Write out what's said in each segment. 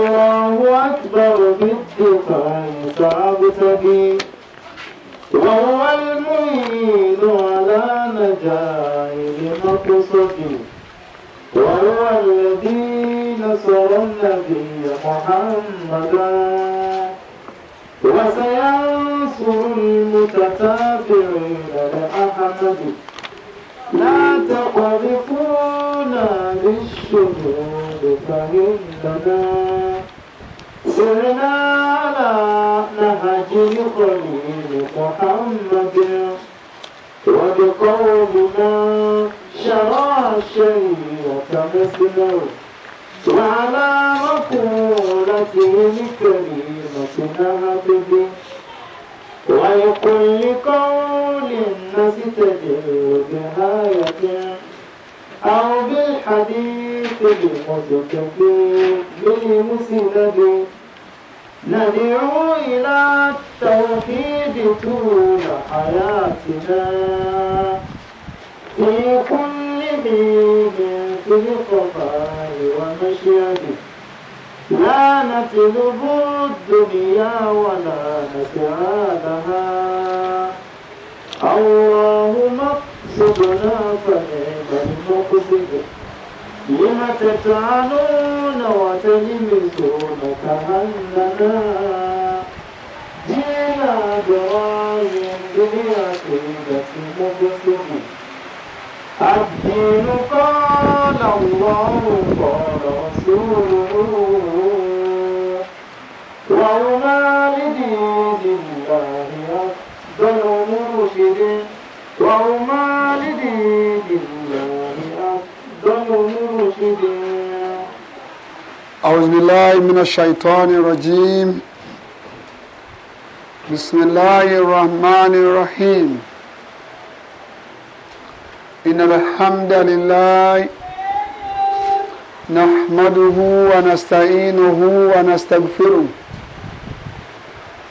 والله أكبر بالدفاع فأبتغي وهو المعين على نجاح مقصدي وهو الذي نصر النبي محمدا وسينصر المتتابعين لأحمد لا تقذفونا بالشهود فإننا سرنا على نهج الخليل محمد وبقومنا شرع الشريعة مثله وعلى مقولته الكريمة نهج به ويقول ولكل الناس نستدل بآية أو بالحديث المتكفي بالمسند ندعو إلى التوحيد طول حياتنا في كل مين في القضاء ومشيئته لا نكذب الدنيا ولا نكالها الله مقصدنا فنعم المقصد لم تتعنون وتلمسون كأننا جينا براي بعقيدة مقصد الدين قال الله قال رسوله وهما لدين الله أفضل مرشد وهما لدين الله أفضل مرشد أعوذ بالله من الشيطان الرجيم بسم الله الرحمن الرحيم إن الحمد لله نحمده ونستعينه ونستغفره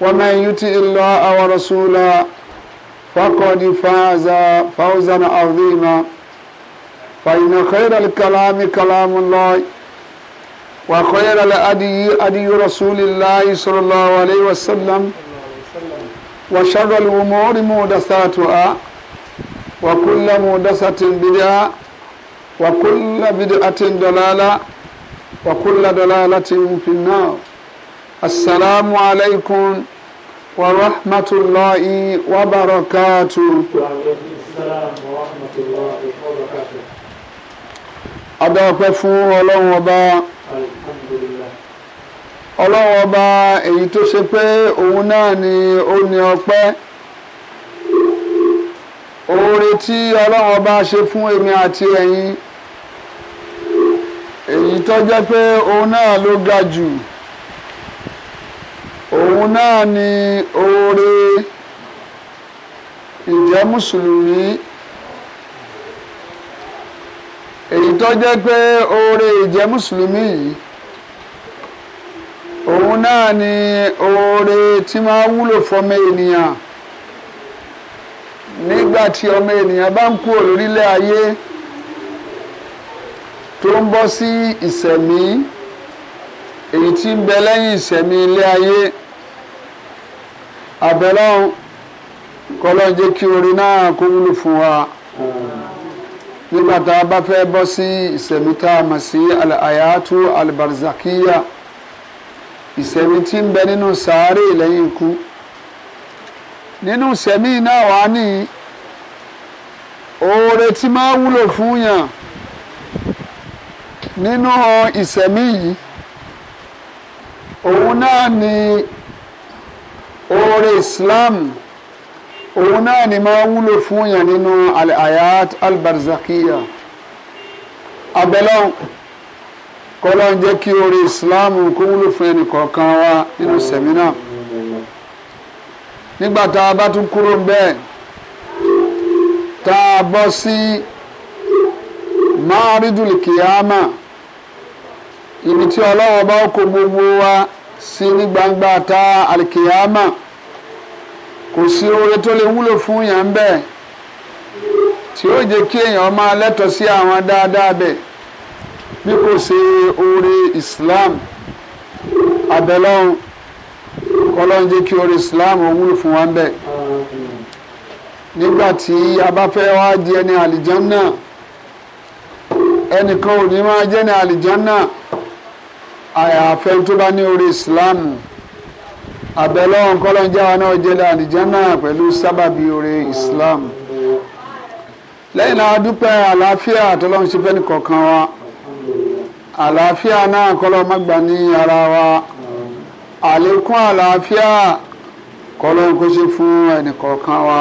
ومن يطع الله ورسوله فقد فاز فوزا عظيما فإن خير الكلام كلام الله وخير الأدي أدي رسول الله صلى الله عليه وسلم وشر الأمور مودساتها وكل مودسة بدعة وكل بدعة دلالة وكل دلالة في النار السلام عليكم ورحمة الله وبركاته وعليكم السلام الله وبركاته Adáwọ̀pẹ́ fún Ọlọ́run ọba. Ọlọ́run ọba èyí tó ṣe pé òun náà ni ó ní ọpẹ́. Oore tí Ọlọ́run ọba ṣe fún èmi àti ẹ̀yin. Èyí tó jẹ́ pé òun náà ló ga jù òun náà ni oore ìjẹ́ mùsùlùmí èyí tó jẹ́ pé oore ìjẹ́ mùsùlùmí yìí òun náà ni oore tí máa wúlò fọmọ ènìyàn nígbà tí ọmọ ènìyàn bá ń kúrò lórílẹ̀ ayé tó ń bọ́ sí ìsẹ̀mí èyí tí ń bẹ lẹ́yìn ìsẹ̀mí ilé ayé àbẹ̀lọ́hún kọ́lọ́n jẹ́ kí orin náà kó wúlò fún wa nígbà tá a bá fẹ́ bọ́ sí ìsẹ̀mí tá a mọ̀ sí àyàtú albarzakiya ìsẹ̀mí tí ń bẹ nínú sàárè lẹ́yìn ikú nínú ìsẹ̀mí náà wà ní oore tí máa wúlò fún yàn nínú ìsẹ̀mí yìí òun náà ni oore islam òun náà ni máa wúlò fún yàn nínú al-ayat al-barzakiya abẹ́lọ́n kọ́lọ́ ń jẹ́ kí oore islam kó wúlò fún ẹnì kọ̀ọ̀kan wa nínú sẹ̀mínà nígbà tá a bá tún kúrò bẹ́ẹ̀ tá a bọ́ sí máàrídùlì kìámà ibi tí ọlọ́wọ́ bá kó gbogbo wa sí ní gbangba ta alikiyama kò sí oore tó lè wúlò fún yàn bẹ́ẹ̀ tí ó jẹ́ kí èèyàn máa lẹ́tọ̀ọ́ sí àwọn dáadáa bẹ́ẹ̀ bí kò ṣe oore Islam abẹ́lọ́hún kọ́lọ́n jẹ́ kí oore Islam wúlò fún wa bẹ́ẹ̀ nígbà tí a bá fẹ́ wá di ẹni àlìjánná ẹnìkan ò ní máa jẹ́ ní àlìjánná àyàfẹ́ tó bá ní orí islam àbẹ̀lọ́wọ̀n kọ́lọ́njá wa náà jẹ́lẹ̀ àlìjánà pẹ̀lú sábàbí orí islam lẹ́yìn náà dúpẹ́ àlàáfíà tọ́lọ́run ṣe fẹ́ nìkọ̀ọ̀kan wa àlàáfíà náà kọ́lọ́ má gbà ní ara wa àlékún àlàáfíà kọ́lọ́run kó ṣe fún ẹnìkọ̀ọ̀kan wa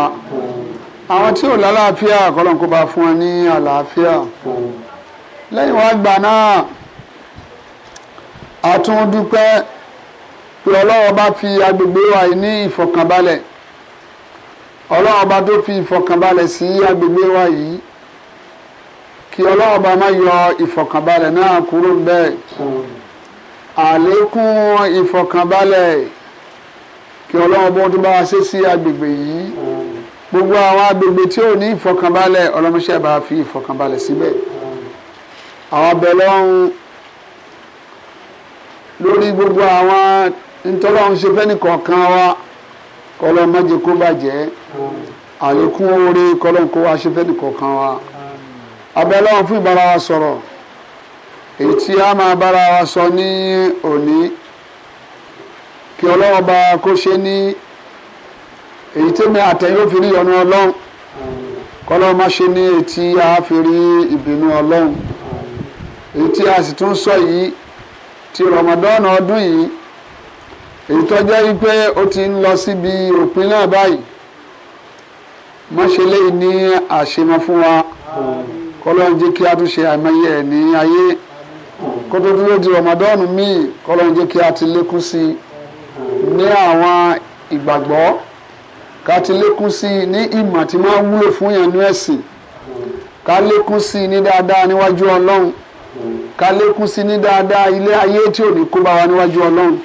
àwọn tí ò lálàáfíà kọ́lọ́run kó bá fún ẹ ní àlàáfíà lẹ́yìn wá gbà náà. a tún dúpẹ́ pé ọlọ́run bá fi agbègbè wa yìí ní ìfọ̀kànbalẹ̀ ọlọ́run bá tó fi ìfọ̀kànbalẹ̀ sí agbègbè wa yìí kí ọlọ́run bá má yọ ìfọ̀kànbalẹ̀ náà kúrò bẹ́ẹ̀ àlékún ìfọ̀kànbalẹ̀ kí ọlọ́run bó tó bá wa ṣe sí agbègbè yìí gbogbo àwọn agbègbè tí ò ní ìfọ̀kànbalẹ̀ ọlọ́mọṣẹ́ bá fi ìfọ̀kànbalẹ̀ síbẹ̀ àwọn abẹ lọ́run. lórí gbogbo àwọn ntọ́lọ́run ṣe fẹ́ nìkọ̀ọ̀kan wa kọ́lọ́ mọ́jẹ kó bàjẹ́ àlékún oore kọ́lọ́ kó wa ṣe fẹ́ nìkọ̀ọ̀kan wa abẹ́lẹ́wọ̀n fún ìbára wa sọ̀rọ̀ èyí tí a máa bára wa sọ ní òní kí ọlọ́wọ́ bá kó ṣe ní èyí tí mi àtẹ̀yìn òfin ní ọ̀nà ọlọ́run kọ́lọ́ má ṣe ní etí a ìbínú ọlọ́run èyí a sì tún sọ yìí ti Ramadan ọdún yìí èyí tó jẹ́ wípé ó ti ń lọ síbi òpin náà báyìí mọ́ṣẹ́lẹ́ yìí ní àṣemọ fún wa kọ́lọ́n jẹ́ kí a tún ṣe àìmọye ẹ̀ ní ayé kó tó dúró di Ramadan míì kọ́lọ́n jẹ́ kí a ti lékún sí i ní àwọn ìgbàgbọ́ ká ti lékún sí i ní ìmọ̀ tí máa wúlò fún yẹn ní ẹ̀sìn ká lékún sí i ní dáadáa níwájú Ọlọ́run ká lékún sí ní dáadáa ilé ayé tí ò ní kó bá wa níwájú ọlọ́run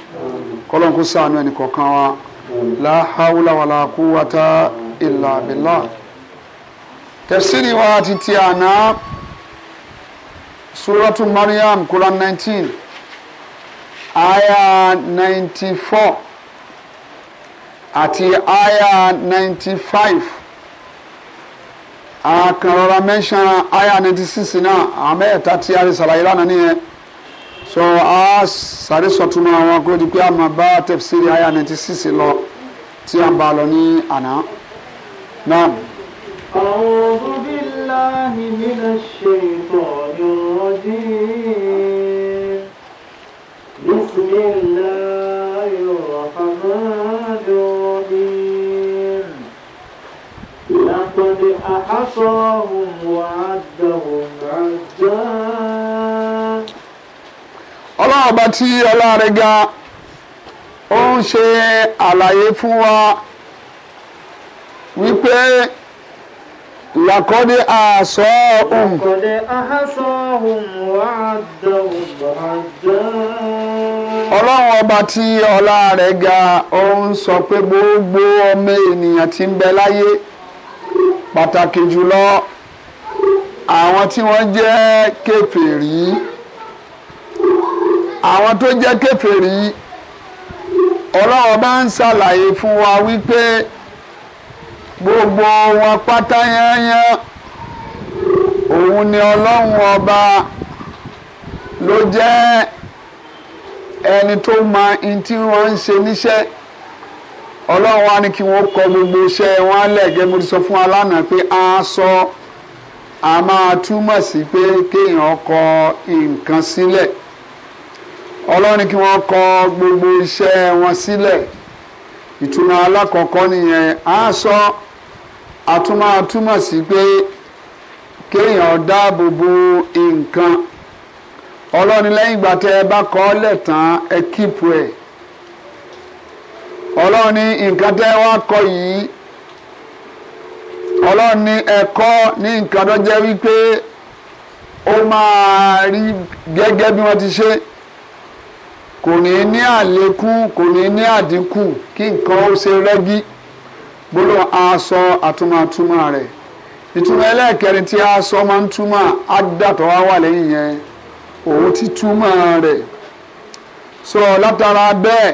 kọ́lọ́n kó ṣàánú ẹnì kọ̀ọ̀kan wa la hawla wala quwwata illa billah. tafsiri wa ti ti àná suratu Maryam Quran nineteen aya ninety four àti aya ninety five àkànrọ̀rọ̀ mẹ́sàn áyà ninety six náà àmẹ́ẹ̀ta tí a lè ṣàlàyé lánàá nìyẹn so a sáré sọ̀túnmọ́ àwọn kó di pé a máa bá tẹ̀síìrì áyà ninety six lọ tí a bá lọ ní àná náà. أعوذ بالله من الشيطان الرجيم عصاهم وعدهم عدا ọlọ́run ọba tí ọlọ́run ga ó ń ṣe àlàyé fún wa wípé làkọ́dé àṣọ òun. làkọ́dé àṣọ òun wà á dẹ̀wọ̀n bàá dẹ̀wọ̀n ọlọ́run ọba tí ọlá ga ó ń sọ pé gbogbo ọmọ ènìyàn tí ń bẹ láyé pàtàkì jùlọ àwọn tí wọ́n jẹ́ kèfèrí àwọn tó jẹ́ kèfèrí ọlọ́run bá ń ṣàlàyé fún wa wípé gbogbo wọn pátá yányán òun ni ọlọ́run ọba ló jẹ́ ẹni tó mọ ohun tí wọ́n ń ṣe níṣẹ́ ọlọ́run wa ní kí wọ́n kọ gbogbo iṣẹ́ wọn lẹ́gẹ́ mo ti sọ fún wa lánàá pé a sọ a máa túmọ̀ sí pé kéèyàn kọ nǹkan sílẹ̀ ọlọ́run ní kí wọ́n kọ gbogbo iṣẹ́ wọn sílẹ̀ ìtumọ̀ alákọ̀ọ́kọ́ nìyẹn a sọ a tún máa túmọ̀ sí pé kéèyàn dáàbò bo nǹkan ọlọ́run lẹ́yìn ìgbà tẹ́ ẹ bá kọ ọ́ lẹ̀ tán ẹ kíìpù ẹ̀ ọlọ́run ní nǹkan tẹ́ wá kọ yìí ọlọ́run ní ẹ̀kọ́ ní nǹkan tó jẹ́ wípé ó máa rí gẹ́gẹ́ bí wọ́n ti ṣe kò ní ní àlékún kò ní ní àdínkù kí nǹkan ó ṣe rẹ́gí gbọ́dọ̀ aṣọ àtúmọ̀túmọ̀ rẹ̀ ìtumọ̀ ẹlẹ́ẹ̀kẹrin tí aṣọ máa ń túmọ̀ àdàtọ̀ wá wà lẹ́yìn yẹn òun ti túmọ̀ rẹ̀ sọ látara bẹ́ẹ̀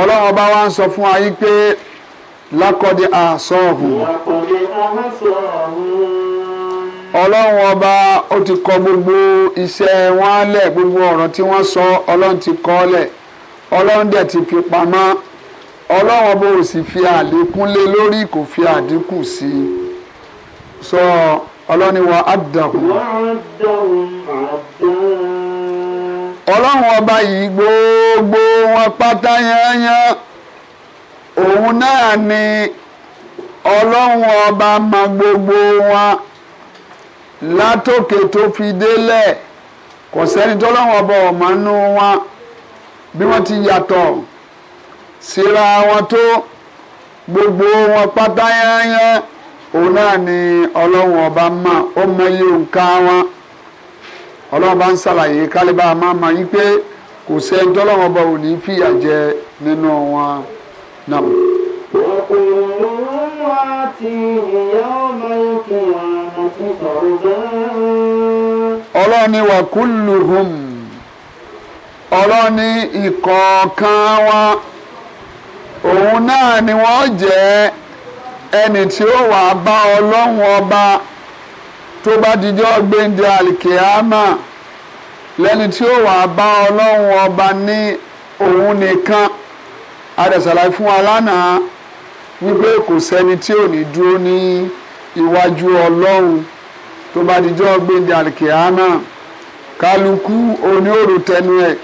ọlọ́run bá wá ń sọ fún ayé pé lákọ́dé àsọ̀hún. lákọ́dé àsọ̀hún. ọlọ́run ọba ó ti kọ gbogbo iṣẹ́ wọn lẹ̀ gbogbo ọ̀rọ̀ tí wọ́n sọ ọlọ́run ti kọ lẹ̀ ọlọ́run dẹ̀ ti fi pamọ́ ọlọ́run ọba ò sì fi àlékún lé lórí kò fi àdínkù sí i sọ ọlọ́run wa á dàkú. wọ́n á dàrú àdàrú ọlọ́run ọba yìí gbogbo wọn pátá yányán òun náà ni ọlọ́run ọba mọ gbogbo wọn látòkè tó fi délẹ̀ kò sẹ́ni tọ́lọ́run ọba ọ̀mọ́ nú wọn bí wọ́n ti yàtọ̀ síra wọn tó gbogbo wọn pátá yányán òun náà ni ọlọ́run ọba mọ̀ ó mọ iye wọn. ọlọ́run bá ń ṣàlàyé kálíbà máa ma yí pé kò sẹ́ni tọ́lọ́run ọba ò ní fìyà jẹ nínú wọn náà. وكلهم ti يوم القيامة فردا ọlọ́ni wà kúlùhùm ọlọ́ni ìkọ̀ọ̀kan wa òun náà ni wọ́n jẹ́ ẹni tí ó bá ọlọ́run ọba. tó bá dijọ́ gbéǹde àlìkèámà lẹ́ni tí ó wàá bá ọlọ́run ọba ní òun nìkan adàsàlàyé fún wa lánàá wípé kò sẹ́ni tí ò ní dúró ní iwájú ọlọ́run tó bá dijọ́ gbéǹde àlìkèámà kálukú oníòrò tẹnu ẹ̀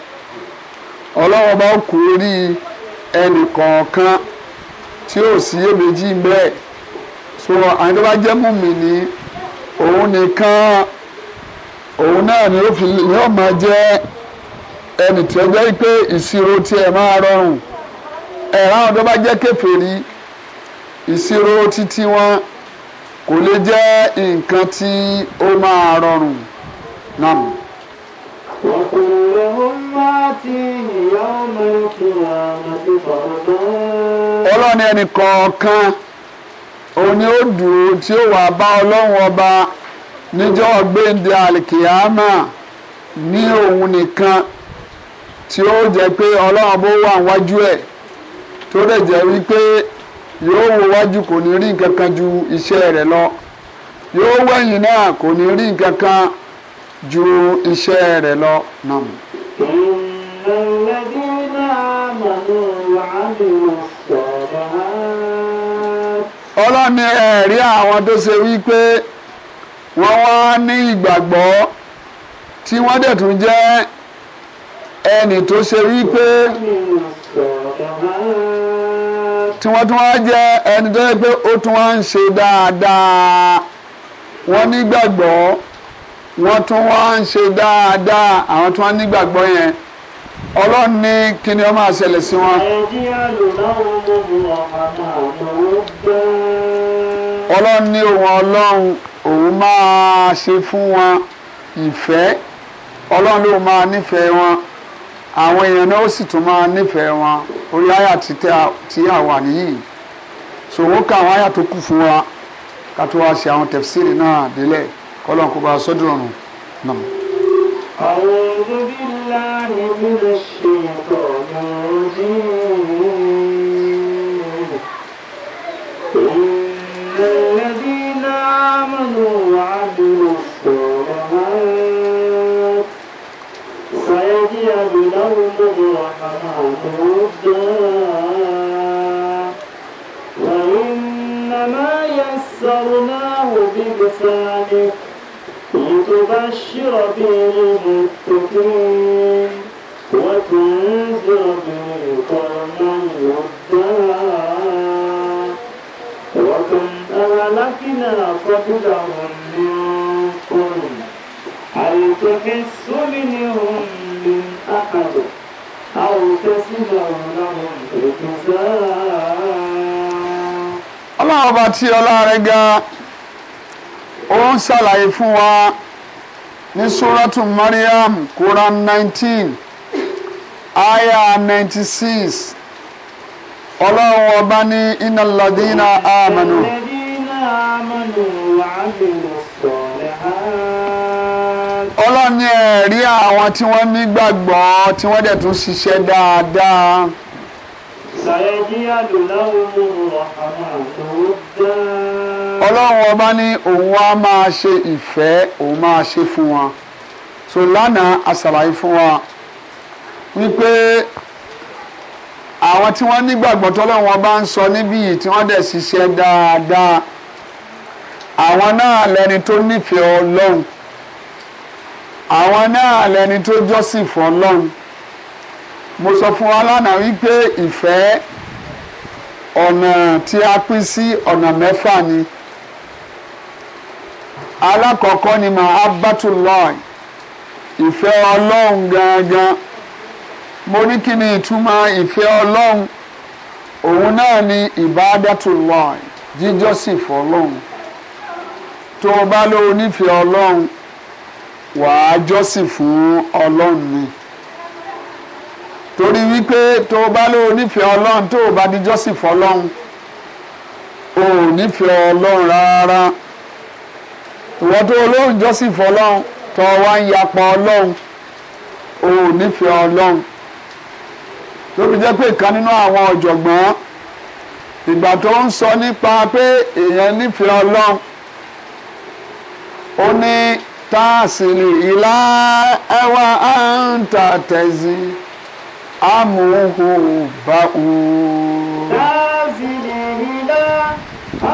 ọlọ́run ọba kò rí ẹnì kọ̀ọ̀kan tí ò sí èméjì bẹ́ẹ̀ so àwọn tó bá jẹ́ mùmínì. òun nìkan òun náà ni ó fi ni ó máa jẹ́ ẹnì tí ó jẹ́ pé ìṣirò tiẹ̀ máa rọrùn ẹ̀rọ àwọn tó bá jẹ́ kèfèrí ìṣirò títí wọn kò lè jẹ́ nǹkan tí ó máa rọrùn náà. ọlọ́ni ẹnì kọ̀ọ̀kan. òun ni ó ti o ó wàá bá ọlọ́run ọba níjọ́ gbéǹde àlìkìyàmà ní òun nìkan tí ó jẹ́ pé ọlọ́run bó wà wájú ẹ̀ tó lè jẹ́ wípé yóò wo wájú kò ní rí ju iṣẹ́ rẹ̀ lọ yóò wẹ̀yìn náà kò ní rí nǹkan kan ju iṣẹ́ rẹ̀ lọ náà. ọlọ́ni ẹ̀rí àwọn tó ṣe wípé wọ́n wá ní ìgbàgbọ́ tí wọ́n dẹ̀ tún jẹ́ ẹnì tó ṣe wípé tí wọ́n tún wá jẹ́ ẹni tó yẹ pé ó tún wá ń ṣe dáadáa wọ́n nígbàgbọ́ wọ́n tún wá ń ṣe dáadáa àwọn tí wọ́n nígbàgbọ́ yẹn ọlọ́run ní kí ni ó máa ṣẹlẹ̀ sí wọn. ẹ̀jẹ̀ àlùbáwò gbogbo ọ̀pá náà ló gbẹ́ ọlọ́run ní òun ọlọ́run òun máa ṣe fún wọn ìfẹ́ ọlọ́run ló máa nífẹ̀ẹ́ wọn àwọn èèyàn náà ó sì tún máa nífẹ̀ẹ́ wọn orí àyà tí a wà nìyí sòwò ká àwọn àyà tó kù fún wa ká tó wá ṣe àwọn tẹ̀fsíìrì náà délẹ̀ kọ́lọ́n kó bá a sọ́dúnrún nà. أعوذ بالله من الشيطان الرجيم آمنوا وعملوا الصالحات سيجعل لهم الرحمن ودا وإنما يسرناه بلسانك لتبشر به المتقين وتنذر به قوما أهلكنا قبلهم من قرن هل تحس منهم من أحد أو تسمعونهم ركزا ọlọ́run ọba tí ọlá rẹ̀ ga ó ń ṣàlàyé fún wa ní suratu Maryam Quran nineteen aya ninety six ọlọ́run ọba ní innal ladina amanu ọlọ́ni ẹ̀rí àwọn tí wọ́n nígbàgbọ́ tí wọ́n dẹ̀ tún ṣiṣẹ́ dáadáa. sàyẹ̀dí àdùnláwò ọ̀hánà tó dá. ọlọ́run ọba ní òun á máa ṣe ìfẹ́ òun máa ṣe fún wa so lánàá àṣàlàyé fún wa wípé àwọn tí wọ́n nígbàgbọ́ tọ́lọ́run ọba ń sọ níbí yìí tí wọ́n dẹ̀ ṣiṣẹ́ dáadáa àwọn náà lẹni tó nífẹ̀ẹ́ ọlọ́run àwọn náà lẹni tó jọ́sìn fún ọlọ́run mo sọ fún wa lánàá wípé ìfẹ́ ọ̀nà tí a pín sí ọ̀nà mẹ́fà ni alákọ̀ọ́kọ́ ni mahabbatullah ìfẹ́ ọlọ́run gangan mo ní kí ni ìtumọ̀ ìfẹ́ ọlọ́run òun náà ni ibadatullah jíjọ́sìn fún ọlọ́run tó o bá lóo nífẹ̀ẹ́ ọlọ́run wàá jọ́sìn fún ọlọ́run ni torí wípé tó o bá lóo nífẹ̀ẹ́ ọlọ́run tó o bá di jọ́sìn fún ọlọ́run o ò nífẹ̀ẹ́ ọlọ́run rárá ìwọ tó o lóun jọ́sìn fún ọlọ́run tó o wá ń yapa ọlọ́run o ò nífẹ̀ẹ́ ọlọ́run lóbi jẹ́ pé ìkan nínú àwọn ọ̀jọ̀gbọ́n ìgbà tó ń sọ nípa pé èèyàn nífẹ̀ẹ́ ọlọ́run ó ní táàsìlì ìlà ẹwà àǹtà tẹ̀sí amòhò bá wù. táàsìlì ìlà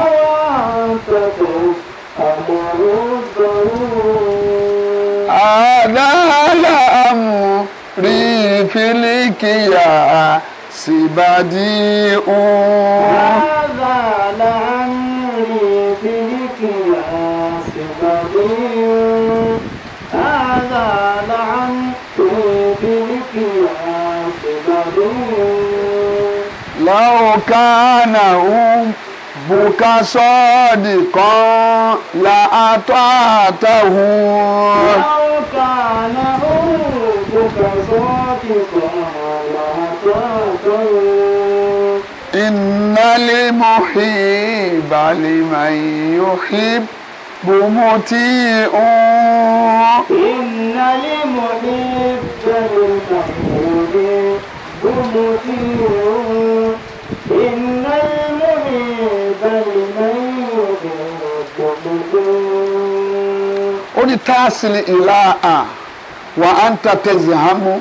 ẹwà àǹtà tẹ̀sí amòhò bá wù. àdáàlà amò rí fílíkìyà síbàdí òun. àdáàlà lọ́ọ̀kánà bùkásọ́ọ̀dì kan la atọ́ àtàwù. lọ́ọ̀kánà bùkásọ́ọ̀dì kan la atọ́ àtàwù. ìnáli mọ̀hí balẹ̀ máa yọ̀ hip bùmọ̀tì ọ̀hún. ìnáli mọ̀hí balẹ̀ máa yọ̀ hip bùmọ̀tì ọ̀hún. Odi المنيب لمن a, wa anta ìlà à wà á ń ta tẹ̀sí àmú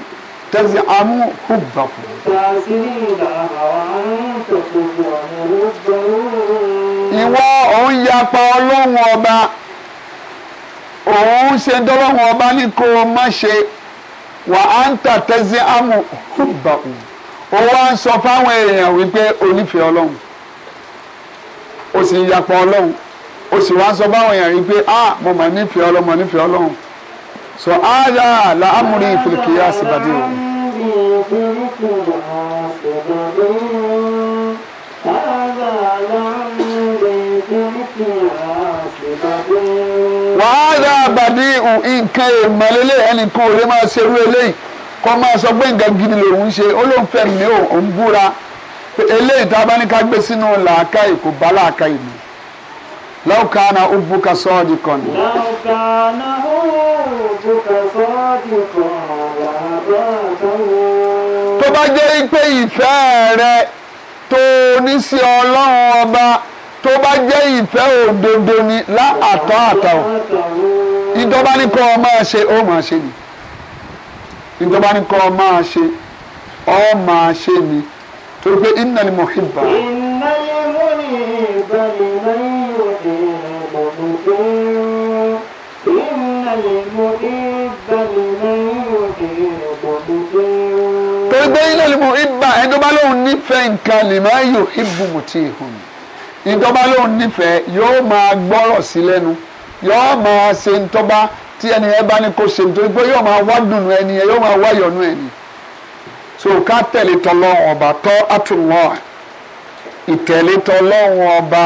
tẹ̀sí àmú hùbàkù. táàsìlì ìlà àwọn àǹtọ̀kùnkùn àwọn olùgbọ̀n. ìwọ òun yapa ọlọ́run ọba òun ṣe dọ́lọ́run ọba ní kó o má ṣe wà á ń ta tẹ̀sí ó wá ń sọ fáwọn èèyàn wípé onífẹ̀ẹ́ ọlọ́run ó sì ń yapọ̀ ọlọ́run ó sì wá ń sọ fáwọn èèyàn wípé ah mo mà nífẹ̀ẹ́ ọlọ́run mo nífẹ̀ẹ́ ọlọ́run sọ áyà làámúrí ìfìlìkìyà síbàdí òun. wàhálà àbàdí nǹkan èèmọ̀ lélẹ̀ ẹnìkan ò lè máa ṣerú eléyìí kọ́ máa sọ pé nǹkan gidi lòun ṣe ó lóun fẹ́ mi ò ń búra pé eléyìí tá a bá ní ká gbé sínú làákàyè kò bá làákàyè mi lọ́ọ̀kánà òbúkà sọ́ọ̀dì kan ni. lọ́ọ̀kánà òbúkà sọ́ọ̀dì kan làbá àtàwọn. tó bá jẹ́ pé ìfẹ́ rẹ tó ní sí ọlọ́run ọba tó bá jẹ́ ìfẹ́ òdodo ni láàtọ̀ àtọ̀ ìjọba ní kọ́ ọ máa ṣe ó máa ṣe nìyí ìjọba ní kọ́ máa ṣe ọ́ máa ṣe ni torí pé innal muhibba. innal muhibba liman yuhibbu muti'un innal muhibba liman yuhibbu muti'un. torí pé innal muhibba ẹni tó bá lóun nífẹ̀ẹ́ nǹkan liman yuhibbu muti'un ìjọba lóun nífẹ̀ẹ́ yóò máa gbọ́rọ̀ sí lẹ́nu yóò máa ṣe ń tọ́ba tí ẹni yẹn bá ní kó ṣe nítorí pé yóò máa wá dùnú ẹni yẹn yóò máa wá yọ̀nú ẹni so ká tẹ̀lé tọlọ́run ọba tọ́ àtúnwọ̀n ìtẹ̀lé tọlọ́run ọba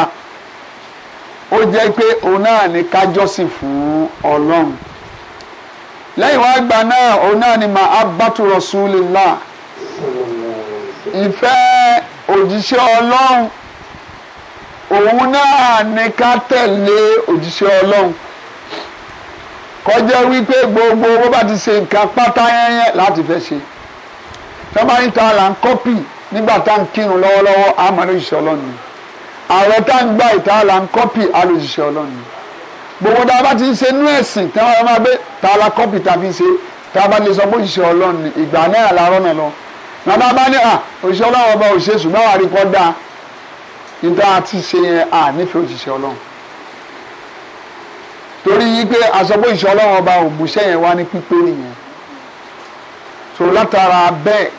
ó jẹ́ pé òun náà ní kájọ́sìn fún ọlọ́run lẹ́yìn wá gbà náà òun náà ni mà á bàtú Rasulillah ìfẹ́ òjíṣẹ́ ọlọ́run òun náà ní ká tẹ̀lé òjíṣẹ́ ọlọ́run kọjá wípé gbogbo owó bá ti ṣe nǹkan pátá yẹnyẹn láti fẹ́ ṣe sábà ń ta là ń kọ́pì nígbà tá ń kírun lọ́wọ́lọ́wọ́ àmọ́ ní òṣìṣẹ́ ọlọ́run ni ààrẹ tá ń gbà ìta là ń kọ́pì alòṣìṣẹ́ ọlọ́run ni gbogbo tá a bá ti ń ṣe inú ẹ̀sìn tí wọ́n máa gbé ta la kọ́pì tá a fi ṣe tá bá lè sọ pé òṣìṣẹ́ ọlọ́run ìgbà náà la rọ́nà lọ nàbà bá ní à òṣìṣẹ́ ọlọ́run ọba òṣìṣẹ́ ṣùgbọ́n wà rí kọ́ dáa níta àti ṣe yẹn à nífẹ̀ẹ́ òṣìṣẹ́ ọlọ́run torí pé àsọpọ̀ ìṣọ́ ọlọ́run ọba òmùṣẹ́ yẹn wá ní pípé nìyẹn so látara bẹ́ẹ̀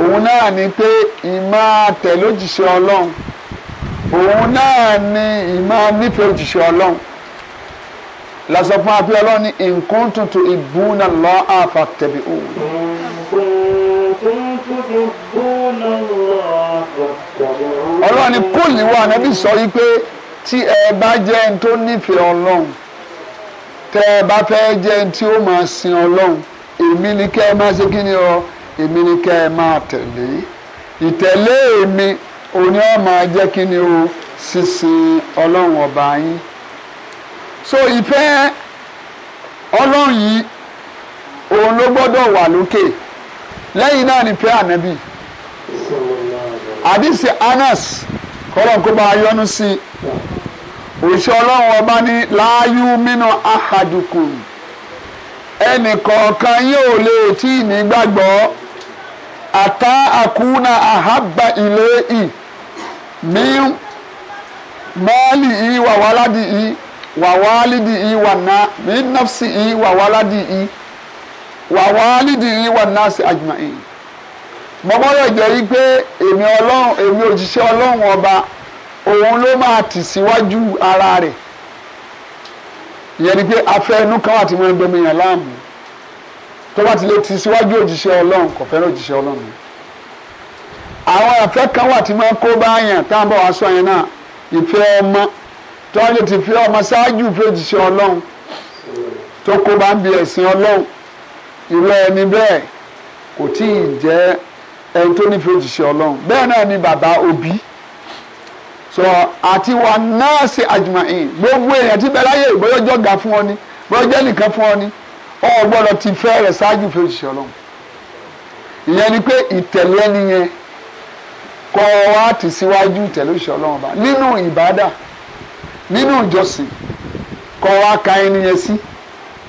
òun náà ni pé ìmọ̀ àtẹ̀ lójìṣẹ́ ọlọ́run òun náà ni ìmọ̀ nífẹ̀ẹ́ òjìṣẹ́ ọlọ́run lásọ fún wa pé ọlọ́run ní nǹkan tuntun ìbúnà lọ́ àfàtẹ̀bí òun. ọlọ́run ní kúlì wa nàbí sọ yìí pé tí ẹ bá jẹ́ ẹni tó nífẹ̀ẹ́ ọlọ́run tẹ́ ẹ bá fẹ́ jẹ́ tí ó máa sin ọlọ́run èmi ni kẹ́ ẹ máa ṣe kí ni ọ èmi ni kẹ́ ẹ máa tẹ̀lé ìtẹ̀lé èmi òní ọ máa jẹ́ kí ni o sísin ọlọ́run ọba yín so ìfẹ́ ọlọ́run yìí òun ló gbọ́dọ̀ wà lókè lẹ́yìn náà nífẹ̀ẹ́ ànábì àdìsí Anas kọ́lọ́n kó bá yọnu sí i. òṣìṣẹ́ ọlọ́run ọba ní láàyú mínú ahadukum ẹnì kọ̀ọ̀kan yóò lè tí ì ní gbàgbọ́ àtá àkúnà àhábà ilé ì mí mọ́ọ̀lì ì wàwáládì ì wàwálídì ì wàná mí nọ́fsì ì wàwáládì ì wàwálídì ì wàná sí àjùmọ̀ ì mọ́gbọ́dọ̀ jẹ́ wípé èmi èmi òṣìṣẹ́ ọlọ́run ọba. òun ló máa tì síwájú ara rẹ̀ ìyẹn ni pé afẹ́ inú kan wà tí wọ́n ń domiyan láàmú tó bá ti lè tì síwájú òjíṣẹ́ ọlọ́run kò fẹ́ràn òjíṣẹ́ ọlọ́run àwọn afẹ́ kan wà tí wọ́n kó báyàn tá à ń bọ̀ wá sọ yẹn náà ìfẹ́ ọmọ tó wọ́n lè ti fi ọmọ ṣáájú ìfẹ́ òjíṣẹ́ ọlọ́run tó kó bá ń bi ẹ̀sìn ọlọ́run ìwé ẹni bẹ́ẹ̀ kò tí ì jẹ́ ẹni tó nífẹ̀ẹ́ òjíṣẹ́ ọlọ́run bẹ́ẹ̀ náà ni bàbá òbí so àti wà nọ́ọ̀sì àjùmọ̀yìn gbogbo èèyàn ti bẹ láyé ìbọ́yọ́jọ́ ga fún ọ ni bọ́yọ́jọ́ nìkan fún ọ ni ọ gbọ́dọ̀ ti fẹ́ rẹ̀ ṣáájú fún òṣìṣẹ́ ọlọ́run ìyẹn ni pé ìtẹ̀lé ẹni yẹn kọ́ wa ti síwájú ìtẹ̀lé òṣìṣẹ́ ọlọ́run ọba nínú ìbádà nínú ìjọsìn kọ́ wa ka ẹni yẹn sí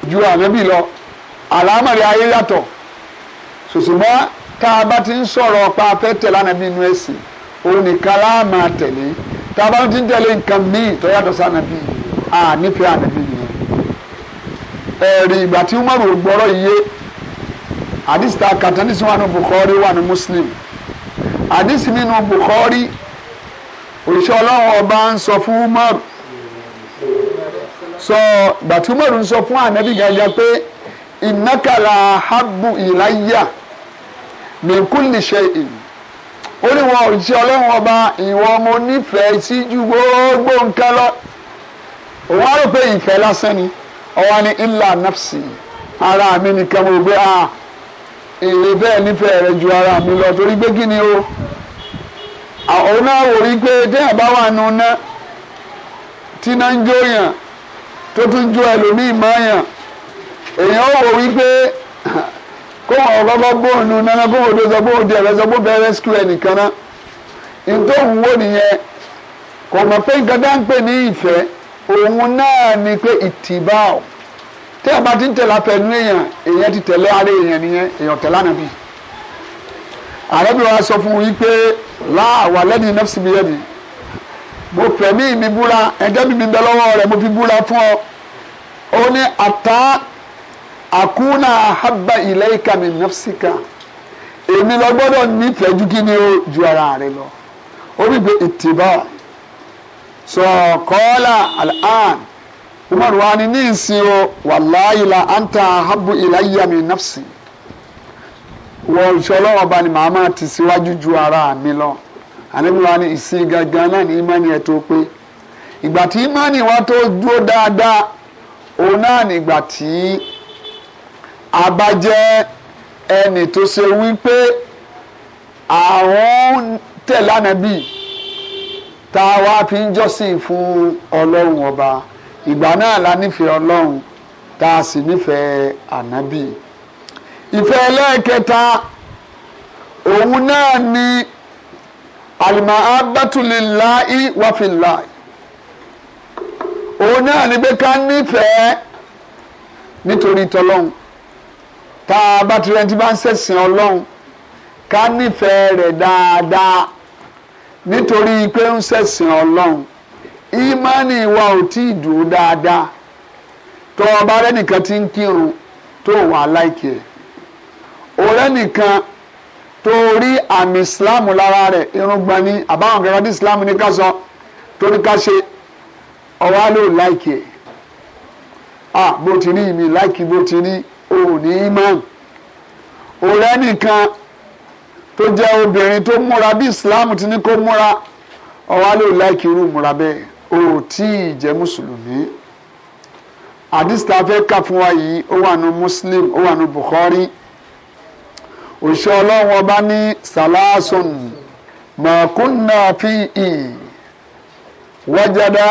ju ànábì lọ àlámọ̀rẹ́ ayé yàtọ̀ ṣùṣùgbọ́n tá a bá ti ń sọ̀rọ̀ pa afẹ́ tẹ̀lé ànábì inú ẹ̀sìn òun nìkan láà máa tẹ̀lé tábà ti ń tẹ̀lé nǹkan míì tó yàtọ̀ sí ànábì à nífẹ̀ẹ́ ànábì yẹn ẹ̀rì ìgbà tí Umaru gbọ́rọ̀ yé àdìsí ta kàtàndínlẹ́sìn wà ní Bukhari wà ní Muslim àdìsí nínú Bukhari òṣìṣẹ́ ọlọ́run ọba ń sọ fún Umaru sọ ìgbà tí Umaru ń sọ fún ànábì gàjà pé ìnákàlà habu ìláyà min kulli shay'in ó ní wọn òjíṣẹ́ ọlọ́run ọba ìwọ mo nífẹ̀ẹ́ sí ju gbogbo nǹkan lọ òun rò pé ìfẹ́ lásán ni ọwọ́ ni illa nafsi ara mi nìkan mo gbé ah èyí bẹ́ẹ̀ nífẹ̀ẹ́ rẹ ju ara mi lọ torí pé kí ni o òun náà wò rí pé téèyàn bá wà nù ná tí náà ń jó yàn tó tún jó ẹlòmíì máa yàn èèyàn wò wí pé kó wọn bàbá bóònù nana kó wọn dọ̀sọ̀ bóònù díẹ̀ lọ́sọ̀ bó bẹ́ẹ̀ rẹ́síkú ẹ̀ nìkan ná ntọ́ òun wò nìyẹn kò mọ̀ pé nǹkan dá ń pè ní ìfẹ́ òun náà ni pé ìtìbá ọ̀ tí a bá ti ń tẹ̀lé afẹ́nu èèyàn èèyàn ti tẹ̀lé ara èèyàn nìyẹn èèyàn tẹ̀lé ànábì àrẹ́bìnrin wa sọ fún yín pé láàwà lẹ́nu nọ́ọ̀sì mi yẹn ni mo fẹ̀mí mi búra ẹ̀jẹ̀ mi mi bẹ lọ́wọ́ rẹ̀ mo fi búra fún ọ ó ní àtá akuna àhábà ilayka min nafsika èmi lọ gbọ́dọ̀ nífẹ̀ẹ́ ju kí ni ó ju ara rẹ lọ ó rí pé ìtìbà sọ̀kọ́lá al'an umar wa ni ní ìsìn o wàláyé la anta àhábù ilayya min nafsi wọ́n ṣọlọ́wọ́ bá ni màá máa tì síwájú ju ara mi lọ àlébùwá ni ìsìn gangan náà ni ìmánì tó pé ìgbà tí ìmánì wa tó dúró dáadáa òun náà nígbà tí abájẹ́ ẹnì tó ṣe wípé àwọn tẹ̀lé ànábì tá a wá fi ń jọ́sìn fún ọlọ́run ọba ìgbà náà la nífẹ̀ẹ́ ọlọ́run tá a sì nífẹ̀ẹ́ ànábì ìfẹ́ ẹlẹ́ẹ̀kẹta òun náà ni alimahabatulilahi wafilahi òun náà ni pé ká nífẹ̀ẹ́ nítorí tọlọ́hun tá a bá ti rẹ ti bá ń ṣẹ̀sìn ọlọ́run ká nífẹ̀ẹ́ rẹ̀ dáadáa nítorí pé ń ṣẹ̀sìn ọlọ́run ìmánì wa ò tí ì dúró dáadáa tó o bá rẹ́nìkan ti ń kírun tó wà láìkí ẹ̀ ọ̀rẹ́ nìkan tó rí àmì ìsìláàmù lára rẹ̀ irun gbọ̀n ni àbáwọn kankan ní ìsìláàmù ní ká torí ká ṣe ọwọ́ lò láìkí ẹ̀ ah bó ti rí mi láìkí bó ti rí ò ní imán òrẹ́ nìkan tó jẹ́ obìnrin tó múra bí Islam ti ní kó múra ọ̀wá lè láìkí irú múra bẹ́ẹ̀ ò tí ì jẹ́ mùsùlùmí àdìsítà fẹ́ kà fún wa yìí ó wà nù Muslim ó wà nù Bukhari òṣìṣẹ́ ọlọ́run ọba ní sàlásùn mọ̀kúnnà fi ì wájàdá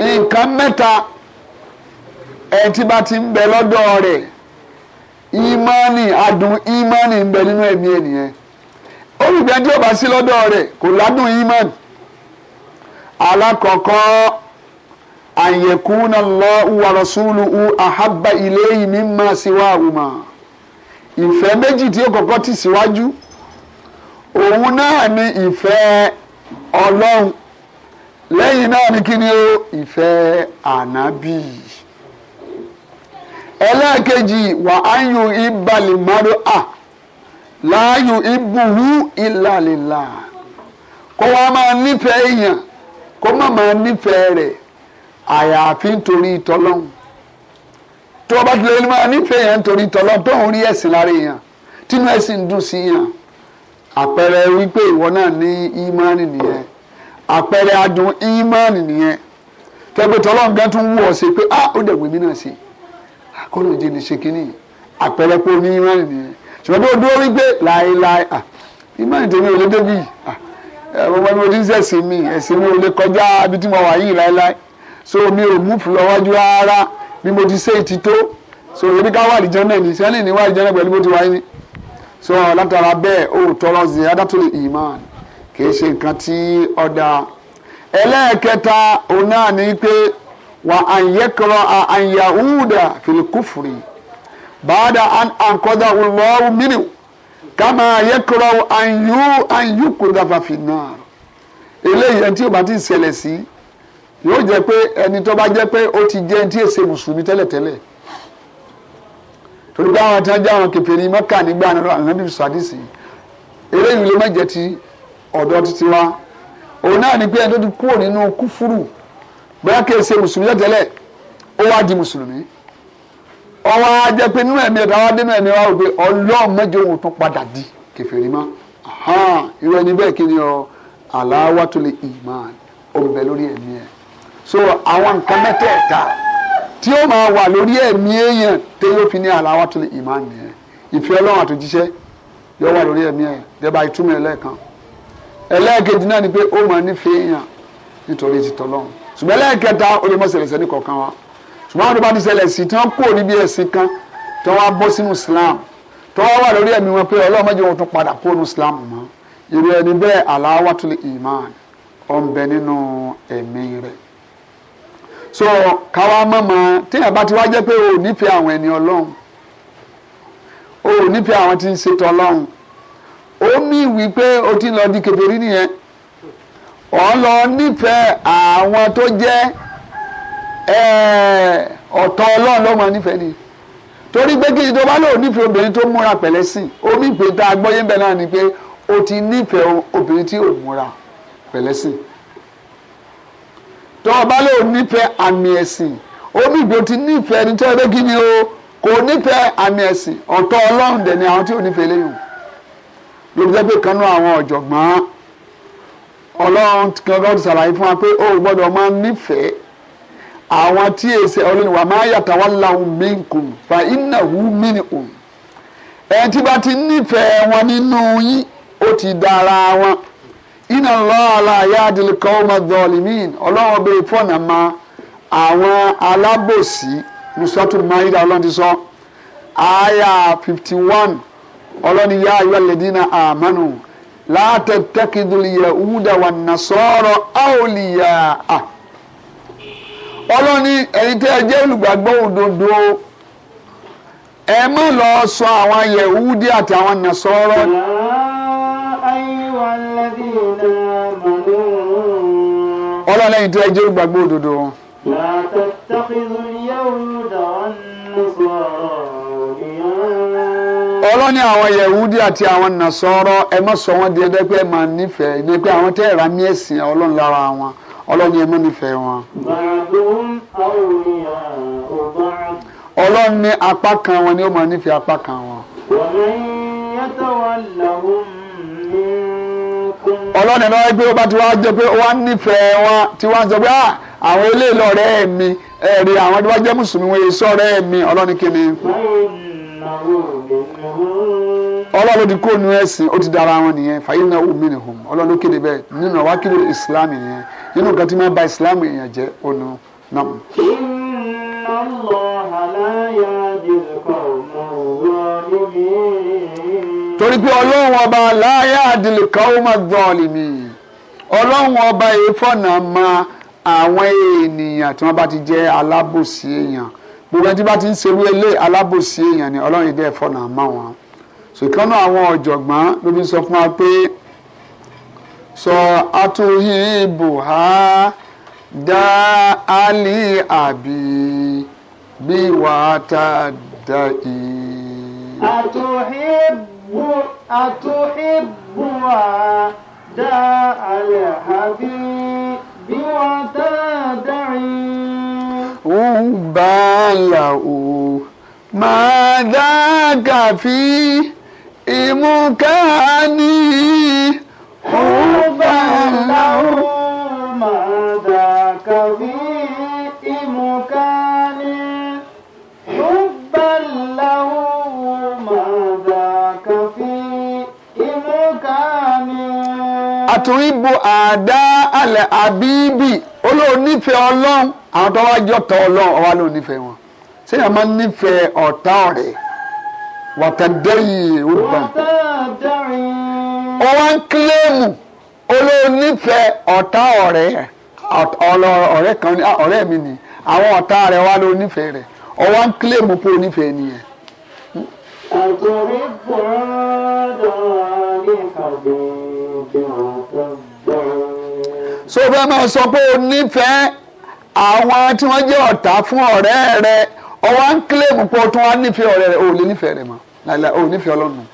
nǹkan mẹ́ta ẹtí bá ti ń bẹ lọ́dọ̀ rẹ̀ ìmánì adùn ìmánì ń bẹ nínú ẹ̀mí ènìyàn olùgbé bá sí lọ́dọ̀ rẹ̀ kò ládùn ìmánì alákọ̀ọ́kọ́ àyẹ̀kúnà Allahu wa rasuluhu ahabba ilayhi mimma siwahuma ìfẹ́ méjì tí ó kọ́kọ́ ti síwájú òun náà ni ìfẹ́ ọlọ́run lẹ́yìn náà ni kí ni ó ìfẹ́ ànábì ẹlẹ́ẹ̀kejì wà áyù ìbàlẹ̀ mọ́rọ́ à láàyù ìbùhù ìlàlìlà kó wá máa nífẹ̀ẹ́ èèyàn kó má máa nífẹ̀ẹ́ rẹ̀ àyàfi nítorí tọ́lọ́hún tó o bá ti lè máa nífẹ̀ẹ́ èèyàn nítorí tọ́lọ́hún tó ń rí ẹ̀sìn lára èèyàn tínú ẹ̀sìn ń dùn sí èèyàn àpẹẹrẹ wípé ìwọ náà ní ìmánì nìyẹn àpẹẹrẹ adùn ìmánì nìyẹn tẹ́gbẹ́tọ́lọ́hún gan tún wù ọ́ sí pé ah ó dẹ̀ gbèmí náà sí i. kó ló jẹ́ ní ṣe kínní àpẹẹrẹ pé oní ìmánì nìyẹn ṣùgbọ́n bí o dúró wípé láéláé ìmánì tèmi ò lé débi ọmọ mi ò ní sẹ̀sìn mi ẹ̀sìn mi ò lè kọjá ibi tí mo wà yìí láéláé so mi ò mú fún rárá bí mo ti ṣe ti tó so ebi ká wà àdìjọ náà ní sẹ́ni ní wà àdìjọ náà pẹ̀lú bó ti wáyé ni so látara bẹ́ẹ̀ ó tọrọ sí adátólè ìmán kì í ṣe nǹkan tí ọ̀dà ẹlẹ́ẹ̀kẹta òun náà ní pé wà ànyẹ́kọ̀rọ̀ ànyàhúdà fìlìkúfùrì bàdà ànkọ́dà ọlọ́wù mìíràn kama ànyẹ́kọ̀rọ̀ ànyú ànyúkúrúdà fàfin náà eléyìí ẹni tí ó bá ti ṣẹlẹ̀ sí yóò jẹ́ pé ẹni tó bá jẹ́ pé ó ti jẹ́ ẹni tí ó ṣe mùsùlùmí tẹ́lẹ̀tẹ́lẹ̀ torí pé àwọn tí wọ́n jẹ́ àwọn kèfèrí mọ́kà nígbà náà ànábì sàdísì eléyìí ló má jẹ́ ti ọ̀dọ́ títí wa òun náà ni pé ẹni tó ti kúrò nínú kúfúrù bóyá kí n ṣe mùsùlùmí tẹ́lẹ̀ ó wá di mùsùlùmí ọwọ́ ajẹ́ pé nínú ẹ̀mí ẹ̀dá wá dé nínú ẹ̀mí wá wò pé ọlọ́run mẹ́jọ òun tún padà di kèfèrí mọ́ irú ẹni bẹ́ẹ̀ kí ni ọ aláwátólè iman olùbẹ̀ lórí ẹ̀mí ẹ̀ so àwọn nǹkan mẹ́tẹ̀ẹ̀ta tí ó máa wà lórí ẹ̀mí èèyàn tí yóò fi ní aláwátólè iman nìyẹn ìfẹ́ ọlọ́run àtòjíṣẹ́ yóò wà lórí ẹ̀mí ẹ̀ dẹ́ba ìtumọ̀ ẹlẹ́ẹ̀kan ẹlẹ́ẹ̀kejì náà ni pé ó máa nífẹ̀ẹ́ èèyàn nítorí ti tọ́lọ́run ṣùgbọ́n lẹ́ẹ̀kẹta ó lè mọ̀ ṣẹlẹ̀ kọ̀ọ̀kan wa ṣùgbọ́n àwọn tó bá ti ṣẹlẹ̀ sí tí wọ́n kú níbi ẹ̀sìn kan tí wọ́n bọ́ sínú Islam tí wọ́n wà lórí ẹ̀mí wọn pé Ọlọ́run má wọn tún padà kó nu Islam mọ́ irú ẹni bẹ́ẹ̀ aláwàtúlẹ̀ iman ó nínú ẹ̀mí rẹ̀ so káwa mọ̀mọ́ téèyàn bá ti wá jẹ́ pé o ò nífẹ̀ẹ́ àwọn ẹni Ọlọ́run o ò nífẹ̀ẹ́ àwọn tí ń ṣètò Ọlọ́run ó mí wí pé o ti lọ di kèfèrí nìyẹn ọ̀n lọ nífẹ̀ẹ́ àwọn tó jẹ́ ọ̀tọ̀ ọlọ́run lọ́mọ nífẹ̀ẹ́ ni torí pé kí ni tó bá lò nífẹ̀ẹ́ obìnrin tó múra pẹ̀lẹ́ sí omi ìpè tá a gbọ́yé bẹ́ẹ̀ náà ni pé o ti nífẹ̀ẹ́ obìnrin tí ò múra pẹ̀lẹ́ sí tó o bá lò nífẹ̀ẹ́ àmì ẹ̀sìn omi ìpè o ti nífẹ̀ẹ́ ẹni tó yẹ pé kí ni o kò nífẹ̀ẹ́ àmì ẹ̀sìn ọ̀tọ̀ ọlọ́run dẹ̀ ni àwọn tí ò nífẹ̀ẹ́ lẹ́yìn lóbi jẹ́ pé kanú àwọn ọ̀jọ̀gbọ́n ọlọ́run kankan ti ṣàlàyé fún wa pé ó gbọ́dọ̀ máa nífẹ̀ẹ́ àwọn tí èsè ọlọ́run wà máa yàtọ̀ wá láwọn minkum fa innahu minhum ẹni tí bá ti nífẹ̀ẹ́ wọn nínú yín ó ti dára wọn iná lọ́ọ̀la yáàdìlì kan ó máa dọ̀ọ̀lìmín ọlọ́run bẹ́ẹ̀ fọ̀nà ma àwọn alábòsí nùsọ́tún máa yíra ọlọ́run ti sọ àyà fifty one ọlọ́run yá ayọ́ lẹ́dínà àmánù láti tẹ́kìdìlì yahuda wà nasọ́rọ̀ àwòlíyà à. ọlọ́ni ẹ̀yin tẹ́ ẹ jẹ́ olùgbàgbọ́ òdodo ẹ má lọ sọ àwọn yahudi àti àwọn nasọ́rọ̀. ọlọ́ni ẹ̀yin tẹ́ ẹ jẹ́ olùgbàgbọ́ òdodo. láti tẹ́kìdìlì yahuda wà nasọ́rọ̀ ọlọ́ni àwọn yẹ̀wúdí àti àwọn nàṣọ́rọ́ ẹ má sọ wọ́n di ẹgbẹ́ pé ẹ máa nífẹ̀ẹ́ ní pé àwọn tẹ́ ẹ̀rá mí ẹ̀sìn ọlọ́run lára wọn ọlọ́ni ẹ má nífẹ̀ẹ́ wọn. ọlọ́run ní apá kan wọn ni ó máa nífẹ̀ẹ́ apá kan wọn. ọlọ́ni ẹ lọ́wọ́ pé ó bá ti wá jẹ́ pé wọ́n nífẹ̀ẹ́ wọn tí wọ́n sọ pé ah, àwọn eléyìí lọ́rẹ́ mi ẹ̀rí àwọn tí wọ́n jẹ́ mùsùlùmí wọn èso ọ̀rẹ́ mi ọlọ́ni kìíní. ọlọ́run ti kó nu ẹ̀sìn ó ti dara wọn nìyẹn fàyè náà ó mìíràn hùm ọlọ́run kéde bẹ́ẹ̀ nínú islam nínú nǹkan tí wọ́n jẹ́ ònu náà. torí pé ọlọ́run ọba dọ̀ọ̀lì ọlọ́run ọba èéfọ̀nà máa àwọn ènìyàn tí bá ti jẹ́ alábòsí èèyàn gbogbo ẹni tí bá ti ń serú alábòsí èèyàn ni ọlọ́run ìdẹ́ máa ṣùkánná àwọn ọ̀jọ̀gbọ́n ló fi sọ fún wa pé sọ atuhibu ha dá ali abi bí wàá tá a i. atuhibu atuhibu ha dá ali àbí bí wàá tá a dá i. ń bá yàwó máa dá kàfí ìmúkáàní ọba làwọn máa dà kàwé ìmúkáàní ọba làwọn máa dà kàwé ìmúkáàní. àtúrígbò àdá alẹ́ àbíbì olóònífẹ̀ẹ́ ọlọ́run àwọn tó wá jọ tọ́ ọlọ́run ọwá ló nífẹ̀ẹ́ wọn ṣé èèyàn máa ń nífẹ̀ẹ́ ọ̀tá ọ̀rẹ́ wàkàdẹ́yì rúbà. ó wá ń kílẹ̀mù olónífẹ̀ẹ́ ọ̀tá ọ̀rẹ́ ọ̀rẹ́ kan ọ̀rẹ́ mi ni àwọn ọ̀tá rẹ̀ wá ló nífẹ̀ẹ́ rẹ̀ ó wá ń kílẹ̀mù pé onífẹ̀ẹ́ nìyẹn. àtòrí bọ́ọ̀dọ̀ ní ìpàdé ìbẹ̀rù tó bẹ̀rù. so bẹ́ẹ̀ máa sọ pé onífẹ̀ẹ́ àwọn tí wọ́n jẹ́ ọ̀tá fún ọ̀rẹ́ rẹ̀ ọwọ́ à ń kílẹ̀ púpọ̀ tó wá nífẹ̀ẹ́ ọ̀rẹ́ rẹ̀ ò lè nífẹ̀ẹ́ rẹ̀ mọ́ láìláì ò nífẹ̀ẹ́ ọlọ́run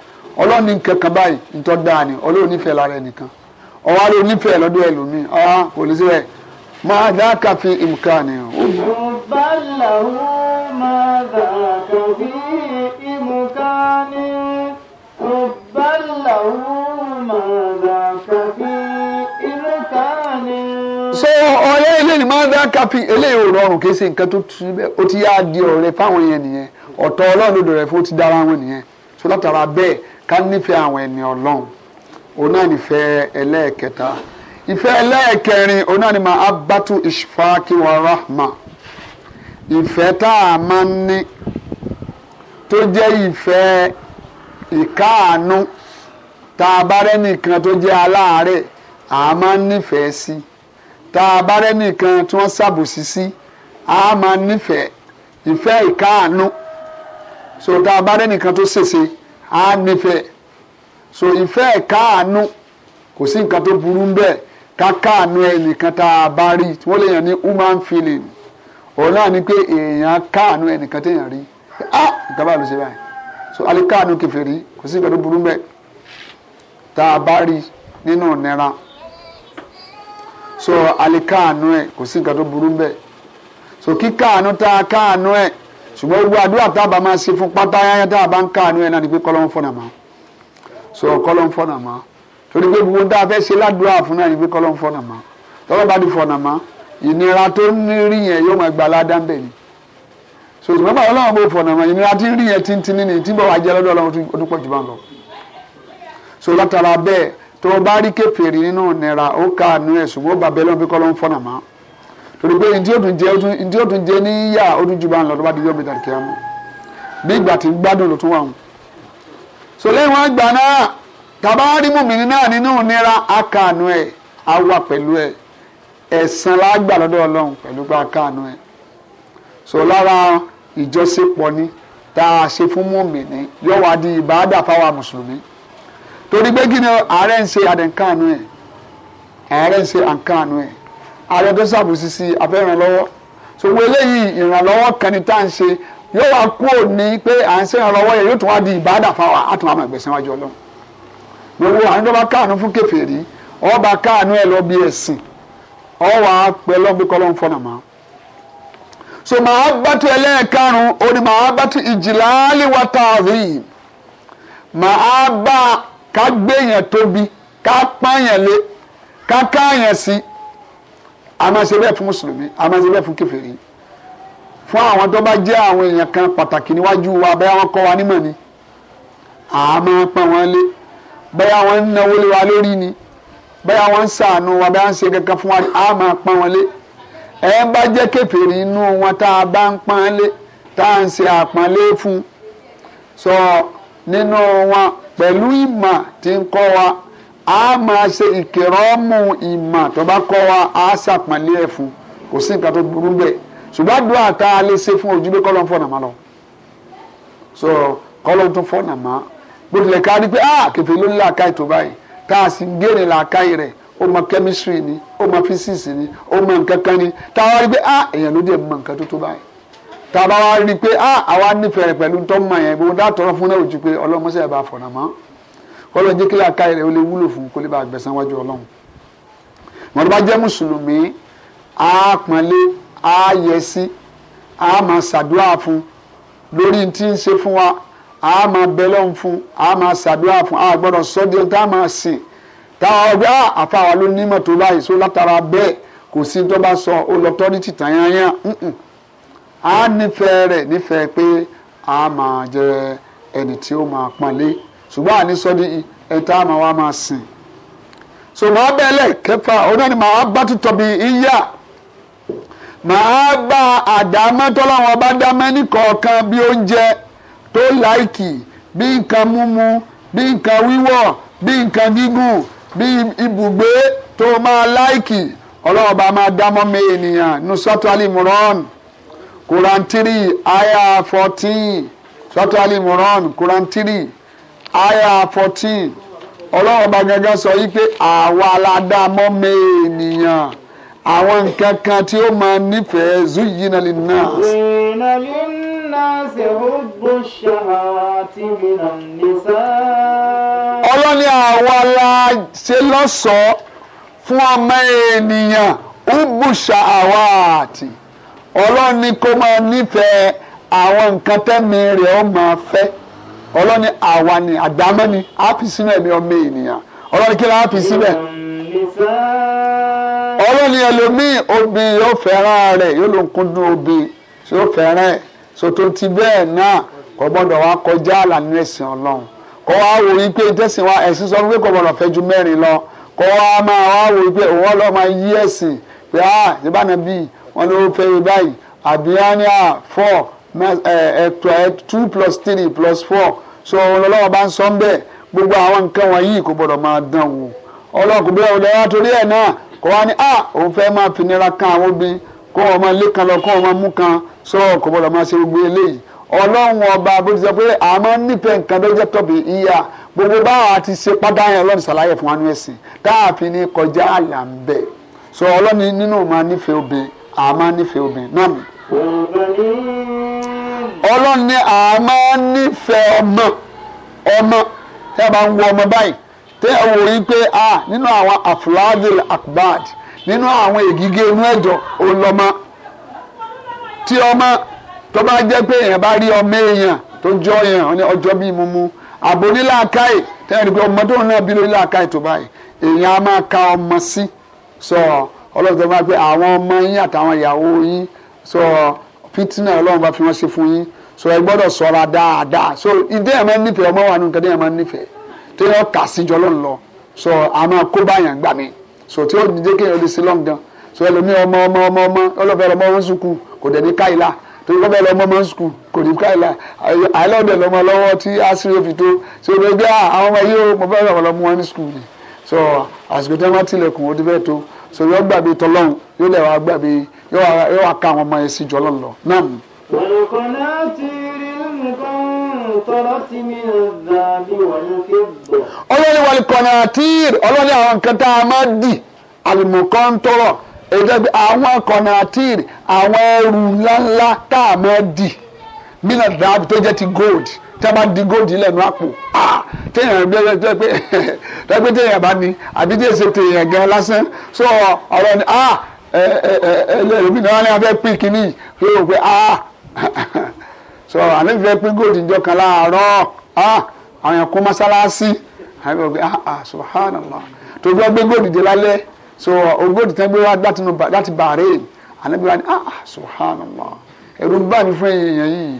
ọlọ́run ní kankan báyìí nítorí dáa ni ọlọ́run nífẹ̀ẹ́ lára ẹnìkan ọwọ́ àlọ́ nífẹ̀ẹ́ lọ́dọ̀ ẹlòmíì ah kò lè sí rẹ̀ máa dáa kàfi ìmùkà ni. ìmùbá làwọn máa dáa kàfi ọ̀rẹ́ eléyìí máa ń dá kápì eléyìí ò rọrùn kì í ṣe nǹkan tó tu bẹ́ẹ̀ ó ti yá di ọ̀rẹ́ fáwọn yẹn nìyẹn ọ̀tọ̀ ọlọ́run lòdò rẹ̀ fún ó ti dára wọn nìyẹn so látara bẹ́ẹ̀ ká nífẹ̀ẹ́ àwọn ẹni ọlọ́run òun náà nífẹ̀ ẹlẹ́ẹ̀kẹta ìfẹ́ ẹlẹ́ẹ̀kẹrin òun náà ni mà á bàtú ìṣfàkì wà ráhmà ìfẹ́ tá a máa ń ní tó jẹ́ ìfẹ́ ìkáàánú tá a bá rẹ́nìkan tó jẹ́ aláàárẹ̀ àá máa ń nífẹ̀ẹ́ sí i tá a bá rẹ́nìkan tí wọ́n ṣàbòsí sí a máa nífẹ̀ẹ́ ìfẹ́ ìkáàánú so tá a bá rẹ́nìkan tó ṣèṣe a nífẹ̀ẹ́ so ìfẹ́ ìkáàánú kò sí nǹkan tó burú ń bẹ́ẹ̀ ká káàánú ẹnìkan tá a bá rí wọ́n lè yàn ní human feeling òun náà ni pé èèyàn káàánú ẹnìkan téèyàn rí ah nǹkan báyìí ló ṣe báyìí so alẹ́ káàánú kẹfẹ́ rí kò sí nǹkan tó burú ń bẹ́ẹ̀ tá a bá rí nínú ìnira. No so alikaanu ẹ kò sí nǹkan tó burú bẹ́ẹ̀ so kíkaanu tá a kaanu ẹ ṣùgbọ́n gbogbo àdúrà tá a bá máa ṣe fún pátá yáyá tá a bá ń kaanu ẹ náà ni pé kọ́lọ́n fọ̀nà mọ́ so kọ́lọ́n fọ̀nà mọ́ torí pé gbogbo tá a fẹ́ ṣe ládùúrà fún náà ni pé kọ́lọ́n fọ̀nà mọ́ tọ́lọ́ bá di fọ̀nà mọ́ ìnira tó ń rí yẹn yóò máa gba aládá bẹ́ẹ̀ ni so ṣùgbọ́n báwo lọ́wọ́ bó fọ̀nà mọ́ ìnira tí ń rí yẹn tí ń lọ tó o bá rí kèfèrí nínú nira ó káàánú ẹ̀ ṣùgbọ́n ó bá bẹ́ẹ̀ lọ́n pé kọ́ ló ń fọ̀nà mọ́ torí pé ntí ó tún jẹ ntí ó tún jẹ níyà ó tún ju bá ń lọ tó bá di yọ̀ mọ́ bí ìgbà tí ń gbádùn ló tún wà wọn. sọ lẹ́yìn wọn gbà náà tàbá rí mùmìnì náà nínú nira á káàánú ẹ̀ á wà pẹ̀lú ẹ̀ ẹ̀san lágbà lọ́dọ̀ ọlọ́run pẹ̀lú pé á káàánú ẹ̀ so lára ìjọsìn pọ̀ ni tá a ṣe fún mùmìnì yọ̀wá ìbáàdà fáwa mùsùlùmí torí pé kí ààrẹ ń ṣe àdẹ̀ǹkanu ààrẹ ń ṣe àǹkanu ẹ̀ ààrẹ tó ṣàbùsí sí abẹ́rànlọ́wọ́ so eléyìí ìrànlọ́wọ́ kẹni tá à ń ṣe yóò wá kúrò ní pé à ń ṣe ìrànlọ́wọ́ yẹn yóò tún wá di ìbádà fáwa á tún wá máa gbẹ̀sẹ̀ wájú ọlọ́run àwọn káànú fún ọba káànú ẹ lọ bí ẹ̀sìn fọ́nà máa so màá bàtú ká gbéyàn tóbi ká pààyàn lé ká káàyàn sí a máa ṣe bẹ́ẹ̀ fún mùsùlùmí a máa ṣe bẹ́ẹ̀ fún kèfèrí fún àwọn tó bá jẹ́ àwọn èèyàn kan pàtàkì níwájú wa bẹ́ẹ̀ wọ́n kọ́ wa nímọ̀ ni à á máa pọ́n wọn lé bẹ́ẹ̀ wọ́n ń náwó lé wa lórí ni bẹ́ẹ̀ wọ́n ń ṣàánú wa bẹ́ẹ̀ wọ́n ń ṣe kankan fún wa ni máa pọ́n wọn lé ẹ ń bá jẹ́ kèfèrí inú wọn tá a bá ń pọ́n lé tá à ń ṣe àpọ́nlé fún sọ nínú wọn pẹ̀lú ìmọ̀ tí ń kọ́ wa a máa ṣe ìkẹrọ́mù ìmọ̀ tó bá kọ́ wa a ṣàpọ̀nlé ẹ̀ fún kò sí nǹkan tó burú bẹ́ẹ̀ ṣùgbọ́n àdúrà tá a lè ṣe fún ojú pé kọ́lọ́ ń fọ̀nà má lọ so kọ́lọ́ tó fọ̀nà má bó tilẹ̀ ká rí pé ah kẹfẹ́ ló ń là káì tó báyìí tá a sì ń gèrè là káì rẹ̀ ó mọ chemistry ni ó mọ physics ni ó mọ nǹkan kan ni tá rí pé ah èèyàn ló dé mọ nǹkan tó tó báyìí tá a bá rí i pé ah àwa nífẹ̀ẹ́ rẹ̀ pẹ̀lú tọ́mọ yẹn bó dátọ́rọ́ fún náà ojú pé ọlọ́mọṣẹ́ ẹ̀ bá fọ̀nà mọ́ ọlọ́run jẹ́ kí láàka rẹ̀ ó lè wúlò fún kó lè bá gbẹ̀san wájú ọlọ́run mọ̀tò bá jẹ́ mùsùlùmí á pọ́nlé á yẹ sí á máa ṣàdúrà fún lórí tí ń ṣe fún wa á máa bẹ lọ́hùn fún á máa ṣàdúrà fún á gbọ́dọ̀ sọ́dẹ̀ tá máa sìn táwọn ọgbẹ́ ah, àfàwà ló nímọ̀ tó báyìí só látara bẹ́ẹ̀ kò sí tó bá sọ ó lọ tọ́rítì tàyányán á nífẹ̀ẹ́ rẹ̀ nífẹ̀ẹ́ pé a máa jẹ ẹni tí ó máa pọ́nlé ṣùgbọ́n àní sọ ní ẹ̀ta máa wá máa sìn so màá bẹ́ẹ̀lẹ̀ kẹfà òun náà ni màá bá tutọ́ bí iyá màá bá àdámọ́ tọ́láwọn bá dámọ́ ní kọ̀ọ̀kan bí oúnjẹ tó láìkì bí nǹkan mímu bí nǹkan wíwọ̀ bí nǹkan gígùn bí ibùgbé tó máa láìkì ọlọ́wọ́ bá máa dámọ́ mẹ́ ènìyàn nusọ́tò alimurọ́ọ̀nù. Quran three aya fourteen sọ́tọ̀ Al-Imran Quran three aya fourteen ọlọ́run bá gángan sọ yí pé àwa aládàámọ́ mẹ́ẹ̀nìyàn àwọn nǹkan kan tí ó máa nífẹ̀ẹ́ zuyina lin nas. zuyina lin nas hubbu shahawati minan nisa. ọlọ́ni àwa la ṣe lọ́sọ̀ọ́ fún ọmọ ènìyàn hubbu shahawati ọlọ́run ni kó máa nífẹ̀ẹ́ àwọn nǹkan tẹ́mi rẹ̀ ó máa fẹ́ ọlọ́run ní àwa ni àdámọ́ ni á fi sínú ẹ̀mí ọmọ ènìyàn ọlọ́run ní kí ló á fi síbẹ̀ ọlọ́run ní ẹlòmíì obìnrin yóò fẹ́ràn rẹ̀ yóò ló ń kúndùn obìnrin yóò fẹ́ràn ẹ̀ sòtò ti bẹ́ẹ̀ náà kò gbọ́dọ̀ wá kọjá àlà ẹ̀sìn ọlọ́run kó wá wò yí pé tẹ̀sìn wa ẹ̀sìn sọ pé kò gbọ́dọ̀ fẹ́ ju mẹ́rin lọ kó wá máa wá wò yí pé òun ọlọ́run máa yí ẹ̀sìn pé ah ìbánabi wọ́n ló fẹ́ yé báyìí àbí wọ́n ní two plus three plus four so ọlọ́wọ́ bá ń sọ ń bẹ́ẹ̀ gbogbo àwọn nǹkan wọ̀nyí kò gbọ́dọ̀ máa dán wò ọlọ́kùn bí ọ̀dọ̀ wa torí ẹ̀ náà kò wá ní à òun fẹ́ máa finira kan àwọn obìnrin kó wọn máa lé kan lọ kó wọn máa mú kan so kò gbọ́dọ̀ máa ṣe gbogbo eléyìí ọlọ́run ọba bó ti sọ pé àmọ́ nífẹ̀ẹ́ nǹkan tó jẹ́ tọ́bi ìyá gbogbo báwa ti ṣe pátá yẹn ọlọ́run ṣàlàyé fún wa ní ẹ̀sìn táàfin ní kọjá àlà ń bẹ̀ so ọlọ́run nínú máa nífẹ̀ẹ́ obìnrin a ma nífẹ̀ẹ́ obìnrin náà mú. ọlọ́run a ọmọ ọmọ tí a bá ń ọmọ báyìí tí a wò pé a nínú àwọn afladil akbad nínú àwọn ègige inú ẹ̀jọ̀ olọ́mọ tí ọmọ tó bá jẹ́ pé èèyàn bá rí ọmọ èèyàn tó jọ ní bíi pé ọmọ tó ń náà bí lórí tó báyìí èèyàn á máa ka ọmọ ọlọ́run tó bá pé àwọn ọmọ yín àtàwọn ìyàwó yín sọ fìtínà ọlọ́run bá fi wọ́n ṣe fún yín sọ ẹ gbọ́dọ̀ ṣọ́ra dáadáa so ìdí ẹ̀ máa ń nífẹ̀ẹ́ ọmọ wa nù kẹ́dẹ́ ẹ̀ máa ń nífẹ̀ẹ́ tí wọ́n kà sí jọ lọ́nà lọ so àmọ́ kó báyàn gbà mí so tí ó dìde kéèyàn lè ṣe lọ́n gan so ẹlòmí ọmọ ọmọ ọmọ ọmọ ọlọ́fẹ́ ọmọ wọn sùkú kò dẹ̀ ní káyìlá torí wọ́n bẹ̀ lọ́mọ ọmọ sùkú kò ní káyìlá àìlọ́dẹ̀ lọ́mọ lọ́wọ́ tí àṣírí fi tó so ló gbé ah, àwọn ọmọ yìí ó mo fẹ́ lọ́mọ wọn ní sùkú ni so àsìkò tí wọ́n tilẹ̀kùn ó ti fẹ́ tó so yóò gbàgbé tọlọ́hún yóò lè wá gbàgbé yóò wá ká àwọn ọmọ yẹn sí jọ lọ́lọ́ náà. wàlùkọ́lá ti rí nǹkan tọ́lá ti mi dàbí wàlùkẹ́ bọ̀. ọlọ́ni wàlùkọ́lá ti rí ọlọ́ni àwọn nǹkan tá a máa dì àlùmọ̀kàn tọrọ ẹ̀dẹ́gbẹ́ àwọn kọ̀nà àti àwọn ẹrù ńláńlá tá a máa dì mí náà dàbí tó jẹ́ ti gold tí a bá di góòdì lẹ́nu àpò téèyàn bẹ́ẹ̀ tẹ́ pé tẹ́ pé téèyàn bá ní àbí tí èsè téèyàn gan lásán so ọ̀rọ̀ ni ah ẹ ẹ ẹ ẹlẹ́rìí náà ni a fẹ́ pín kínní yóò rò pé ah so àní fẹ́ pín góòdì jọ kan láàárọ̀ ah àwọn èèyàn kó mọ́sálásí àbí wọ́n pé ah ah subhanallah tó gbọ́ gbé góòdì dé lálẹ́ so ogóòdì tẹ́ gbé wá láti Bahrain àní bí wọ́n á ní ah ah subhanallah ẹ̀rù ń bá mi fún èèyàn yìí.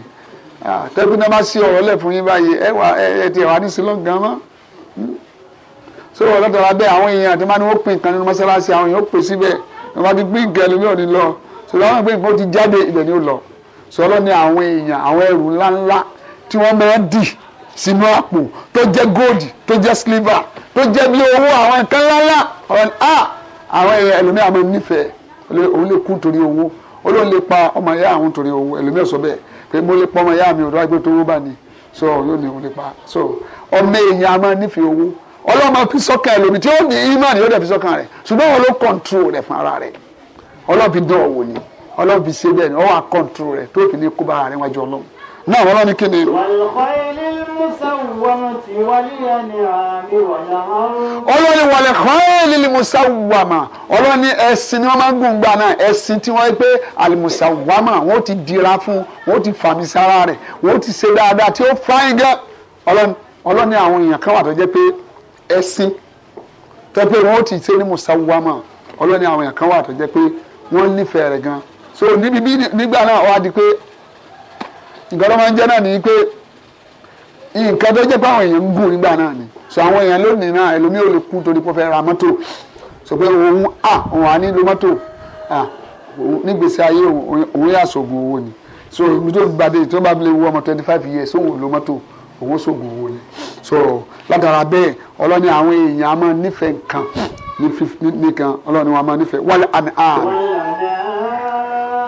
Ah, tẹ́gbẹ́ náà bá sí ọ̀rọ̀ lẹ̀ fún yín báyìí ẹ wà ẹ ti wà ní sílọ̀ gan mọ́ hmm? so la bẹ́ẹ̀ àwọn èèyàn àti máa ní wọ́n pin nǹkan nínú mọ́ṣáláṣí àwọn èèyàn ó pè síbẹ̀ wọ́n bá ti gbé nǹkan ẹlòmíràn ní lọ so lọ́wọ́n gbé nǹkan ó ti jáde ibẹ̀ ni ó lọ so ọlọ́ni àwọn èèyàn àwọn ẹrù ńláńlá tí wọ́n máa ń dì sínú àpò tó jẹ́ gold tó jẹ́ silver tó jẹ́ bí owó àwọn nǹkan ńláńlá ọ̀rọ̀ ah! a àwọn èèyàn ẹlòmíràn máa nífẹ̀ẹ́ òun lè kú torí owó olóhùn lè pa ọmọ ìyá àwọn torí owó ẹlòmíràn sọ bẹ́ẹ̀ pé mo lè pọmọ ìyá mi òdò àgbẹ̀ tó owó bá ní so yóò ní òun lè pa so ọmọ èèyàn a máa nífẹ̀ẹ́ owó ọlọ́run máa fi sọ́kàn ẹ̀ lómi tí ó ní imán yóò dẹ̀ fi sọ́kàn rẹ̀ ṣùgbọ́n wọn ló kọ́ńtrol rẹ̀ fún ara rẹ̀ ọlọ́run fi dán ọ̀wọ̀ ni ọlọ́run fi ṣe bẹ́ẹ̀ ni ọwọ́ àkọ́ńtrol rẹ̀ tó fi ní kó bá ara rẹ̀ wájú ọlọ́run náà wọ́n lọ́ni kí ni. olórí wàlẹ̀ kọ́ọ̀lì musawama olórí ẹ̀sìn ni wọ́n máa ń gùn gbà náà ẹ̀sìn tí wọ́n pé alimusawama wọ́n ti dira fún wọ́n ti fàmì sára rẹ̀ wọ́n ti ṣe dáadáa tí ó fáyín gẹ́ olórí àwọn èèyàn kan wà tó jẹ́ pé ẹ̀sìn tó pé wọ́n ti ṣe ní musawama olórí àwọn èèyàn kan wà tó jẹ́ pé wọ́n nífẹ̀ẹ́ rẹ̀ gan so níbi nígbà náà wọ́n á di pé nǹkan tó máa ń jẹ́ náà ni pé nǹkan tó jẹ́ pé àwọn èèyàn ń gùn nígbà náà ni so àwọn èèyàn lónìí náà ẹlòmíì ò lè kú torí pé ó fẹ́ ra mọ́tò so pé òun à òun à nílò mọ́tò à nígbèsè ayé òun yà sògùn owó ni so ibi tó gbàdé tó bá lè wú ọmọ twenty five years òun ò lo mọ́tò òun sògùn owó ni so látara bẹ́ẹ̀ ọlọ́ni àwọn èèyàn a máa nífẹ̀ẹ́ nǹkan ní nìkan ọlọ́ni wọn a máa nífẹ̀ẹ́ wálé àmì àmì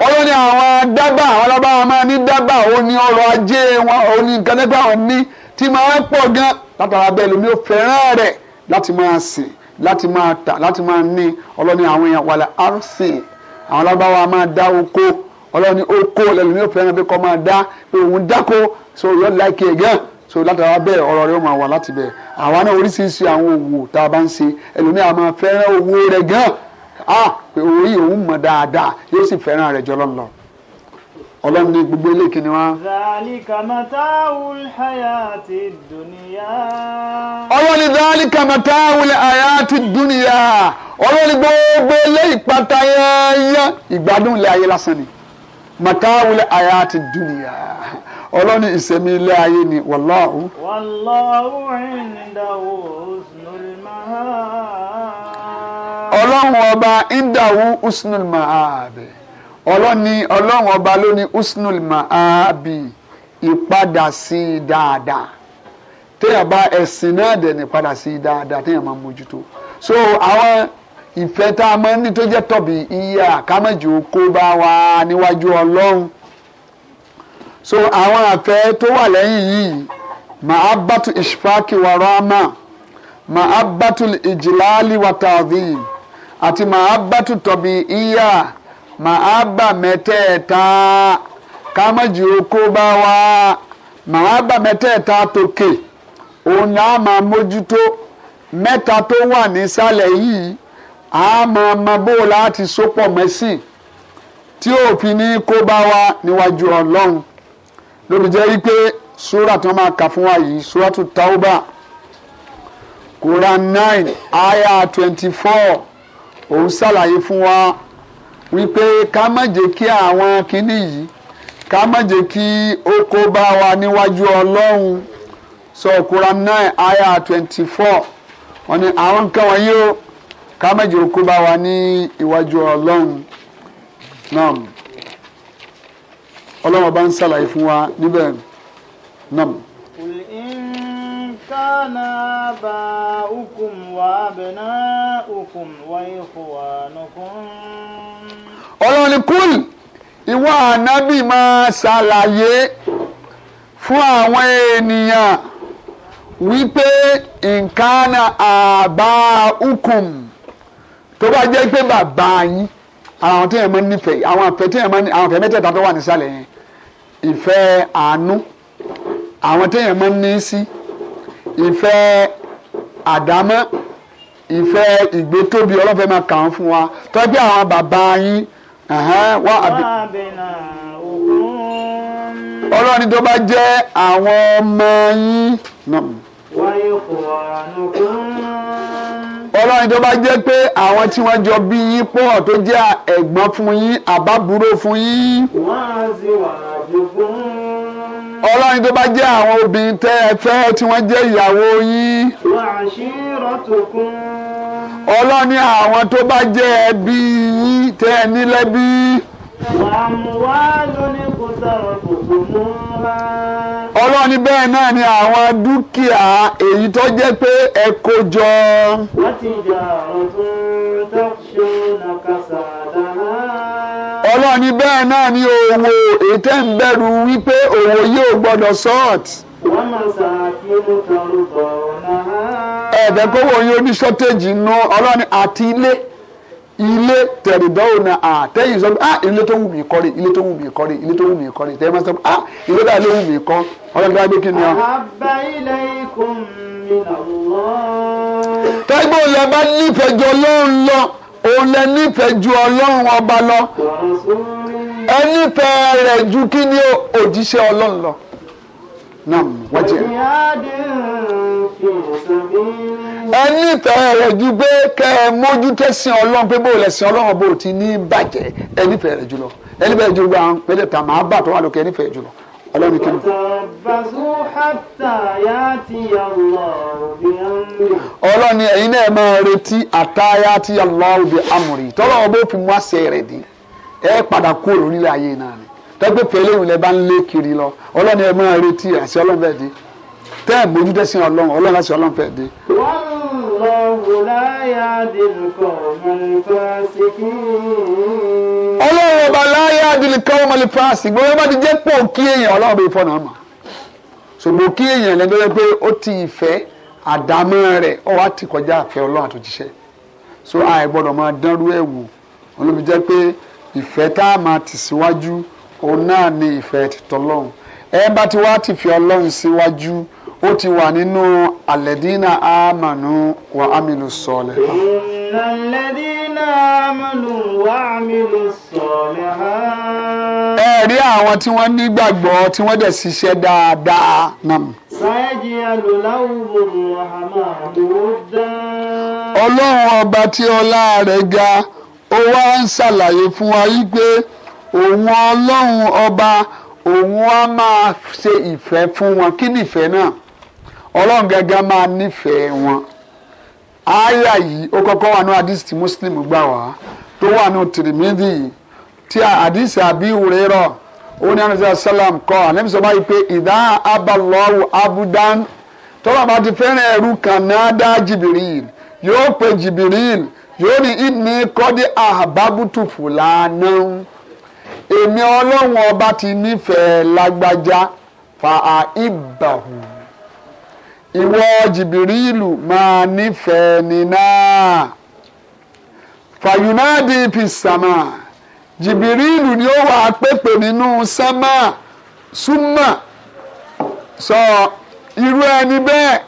ọlọ́run ni àwọn dábà àwọn ọlọ́ba wọn máa ní dábà ó ní ọrọ̀ ajé wọn ó ní nǹkan nígbà wọn ní tí máa ń pọ̀ gan látara bẹ́ẹ̀ lómi ó fẹ́ràn rẹ̀ láti máa sìn láti máa tà láti máa ní ọlọ́ni àwọn èèyàn wàlẹ̀ arúsìn àwọn ọlọ́ba wa máa dá oko ọlọ́ni oko lẹ́lómi ó fẹ́ràn pé kọ́ máa dá pé òun dáko so yọ láìkí ẹ̀ gan so látara bẹ́ẹ̀ ọ̀rọ̀ rẹ̀ ó máa wà láti bẹ̀ àwa náà oríṣiríṣi àwọn òwò tá a bá ń ṣe ẹlòmíà máa fẹ́ràn òwò rẹ̀ gan ah pé orí òun mọ̀ dáadáa yóò sì fẹ́ràn rẹ̀ jọlọ́ lọ ọlọ́run ní gbogbo ilé kìíní wa. zàlíkà màtáwùl hayati dùnìyà. ọlọ́run ní zàlíkà màtáwùl hayati dùnìyà ọlọ́run ní gbogbo ilé ìpàtà yẹ́yẹ́ ìgbádùn ilé ayé lásán ni màtáwùl hayati dùnìyà ọlọ́run ní ìsẹ̀mí ilé ayé ni wàláhù. wàláhù indahu husnul mahab ọlọ́run ọba indahu usnul ma'abi ọlọ́ni ọlọ́run ọba ló ní usnul ma'abi ìpadà sí i dáadáa téèyàn bá ẹ̀sìn náà dẹ̀ ní padà sí i dáadáa téèyàn máa mójútó so àwọn ìfẹ́ tá a máa ń ní tó jẹ́ tọ̀bì iye àkámẹ́jọ kó bá wa níwájú ọlọ́run so àwọn àfẹ́ tó wà lẹ́yìn yìí màá bàtú ìṣfàkì wàrọ̀ àmà màá bàtú ìjìláàlì wàtàdín. Ati màá bá tutọ́ bí ìyá màá bà mẹ́tẹ̀ẹ̀ta ká má jù ó kó bá wa màá bà mẹ́tẹ̀ẹ̀ta tòkè òun ni a máa mójútó mẹ́ta tó wà nísàlẹ̀ yìí a máa mọ bó láti sopọ̀ mẹ́sìn tí òfin ní kó wa níwájú ọlọ́run lórí jẹ́ wípé sura tí máa kà fún wa yìí suratu Tauba Quran nine ayah twenty four òun ṣàlàyé fún wa wípé ká má jẹ́ kí àwọn kinní yìí ká má jẹ́ kí ó bá wa níwájú ọlọ́run sọ Quran nine aya twenty four wọ́n ní àwọn nǹkan wọ̀nyí o ká má jẹ́ kó bá wa ní iwájú ọlọ́run náà ọlọ́run bá ń ṣàlàyé fún wa níbẹ̀ náà. كان آباؤكم وأبناؤكم وإخوانكم ọlọ́ni kúl ìwọ ànábì máa ṣàlàyé fún àwọn ènìyàn wípé nkánà àbá ukùn tó bá jẹ́ pé bàbá yín àwọn tó yẹn máa nífẹ̀ẹ́ àwọn àfẹ́ tó yẹn máa ní àwọn àfẹ́ mẹ́tẹ̀ẹ̀ta tó wà nísàlẹ̀ yẹn ìfẹ́ àánú àwọn tó yẹn máa ní sí. Si ìfẹ́ àdámọ́ ìfẹ́ ìgbétóbi ọlọ́fẹ́ máa kà án fún wa tọ́jú àwọn bàbá yín wọ́n àbí. ọlọ́ni tó bá jẹ́ àwọn ọmọ yín. ọlọ́ni tó bá jẹ́ pé àwọn tí wọ́n jọ bí yín pọ̀ tó jẹ́ ẹ̀gbọ́n fún yín àbábúrò fún yín. wọ́n á sì wà á jogún ọlọ́run tó bá jẹ́ àwọn obìnrin tẹ́ ẹ fẹ́ tí wọ́n jẹ́ ìyàwó yín. ọlọ́run ní àwọn tó bá jẹ́ ẹbí yín tẹ́ ẹ nílẹ́bí ọlọ́ni bẹ́ẹ̀ náà ni àwọn dúkìá èyí tó jẹ́ pé ẹ kó jọ. ọlọ́ni bẹ́ẹ̀ náà ni òwò èyí tẹ́ ń bẹ̀rù wípé òwò yóò gbọ́dọ̀ sọ́ọ̀t. wọ́n máa ṣàkíyèsí kan yóò ní ṣọ́tẹ́jì nù ọlọ́ni àti ilé ilé tẹ̀rìdọ́wò na à tẹ́yìn sọ pé ah ilé tó wù mí kọ́ ilé tó wù mí kọ́ ilé tó wù mí kọ́ tẹ́yìn máa sọ pé ah ilé dáa ló wù mí kọ́ ọlọ́dún bá kí ni ọ. àbá ilé ikùn mi lọ́wọ́. tẹ́gbọ́n lẹ bá nífẹ̀ẹ́ ju ọlọ́run lọ òun lẹ nífẹ̀ẹ́ ju ọlọ́run ọba lọ ẹ rẹ̀ ju kí ni òjíṣẹ́ ọlọ́run lọ. nam wájú fi ẹ nífẹ̀ẹ́ rẹ̀ ju pé kẹ́ ẹ mójútẹ́sìn ọlọ́run pé bó lẹ̀sìn ọlọ́run bó ti ní bàjẹ́ ẹ rẹ̀ jùlọ ẹ jùlọ àwọn pẹ̀lẹ́ tà máa bà tó wà lókè ẹ jùlọ ọlọ́run kí ni. ọlọ́run ni ẹ̀yin náà máa retí àtàyà tí Allahu bi amri tọ́lọ́run bó fi mú àṣẹ rẹ̀ dé ẹ padà kú òrùlé ayé náà ni tọ́gbẹ́ pẹ̀lú ìrìnlẹ̀ bá ń lé kiri lọ ọlọ́run ẹ máa retí àṣẹ ọlọ́run bẹ́ẹ̀ dé tẹ́ ẹ̀ mójú tẹ́sán ọlọ́run ọlọ́run láti ọlọ́run fẹ́ dé. ọlọ́run ọba láyé adìlíkọ́ ọmọlẹ́fàásì gbọ́dọ̀ bá ti jẹ́ pọ̀ kí èèyàn ọlọ́run bẹ fọ́nà ọmọ ṣùgbọ́n kí èèyàn lẹ́nu lọ́wọ́ pé ó ti ìfẹ́ àdámọ́ rẹ̀ ó wá ti kọjá àfẹ́ ọlọ́run àtúntíṣẹ́ so àìgbọ́dọ̀ máa dánrú ẹ̀ wò olóbi jẹ́ pé ìfẹ́ tá a máa tì síwájú òun náà ni ìfẹ́ tìtọ́ ẹ bá ti wá ti fi ọlọ́run síwájú. ó ti wà nínú alẹ́dínà àmànú wa amílù sọ̀lẹ̀. ìnà alẹ́dínà àmànú wa amílù sọ̀lẹ̀. ẹ rí àwọn tí wọ́n nígbàgbọ́ tí wọ́n dẹ̀ ṣiṣẹ́ dáadáa náà. sáyẹ́jì alùláwùmọ̀ muhammadu dá. ọlọ́run ọba tí ọlá rẹ̀ ga ó wá ń ṣàlàyé fún wa yí pé òun ọlọ́run ọba òun á máa ṣe ìfẹ́ fún wọn kí ni ìfẹ́ náà. ọlọ́run gẹ́gẹ́ máa nífẹ̀ẹ́ wọn àyà yìí ó kọ́kọ́ wà ní hadith tí muslim gbà wá tó wà ní tìrìmídì tí hadith àbí ìwúrẹ́rọ̀ ó ní anasẹ́ sálàm kọ́ ànẹ́bí báyìí pé ìdá abalọ́wù abudan tọ́lá bá ti fẹ́ràn ẹ̀rú kan náà dá jìbìrìl yóò pe jìbìrìl yóò ní ìní kọ́dí àbábùtù fúlànà èmi ọlọ́run ọba ti nífẹ̀ẹ́ lágbájá fa àìbàhùn. ìwọ jìbìrìlù máa nífẹ̀ẹ́ ni náà fàyùnádì pìsàmà jìbìrìlù ni ó wà pépè nínú sámà súnmà sọ irú ẹni bẹ́ẹ̀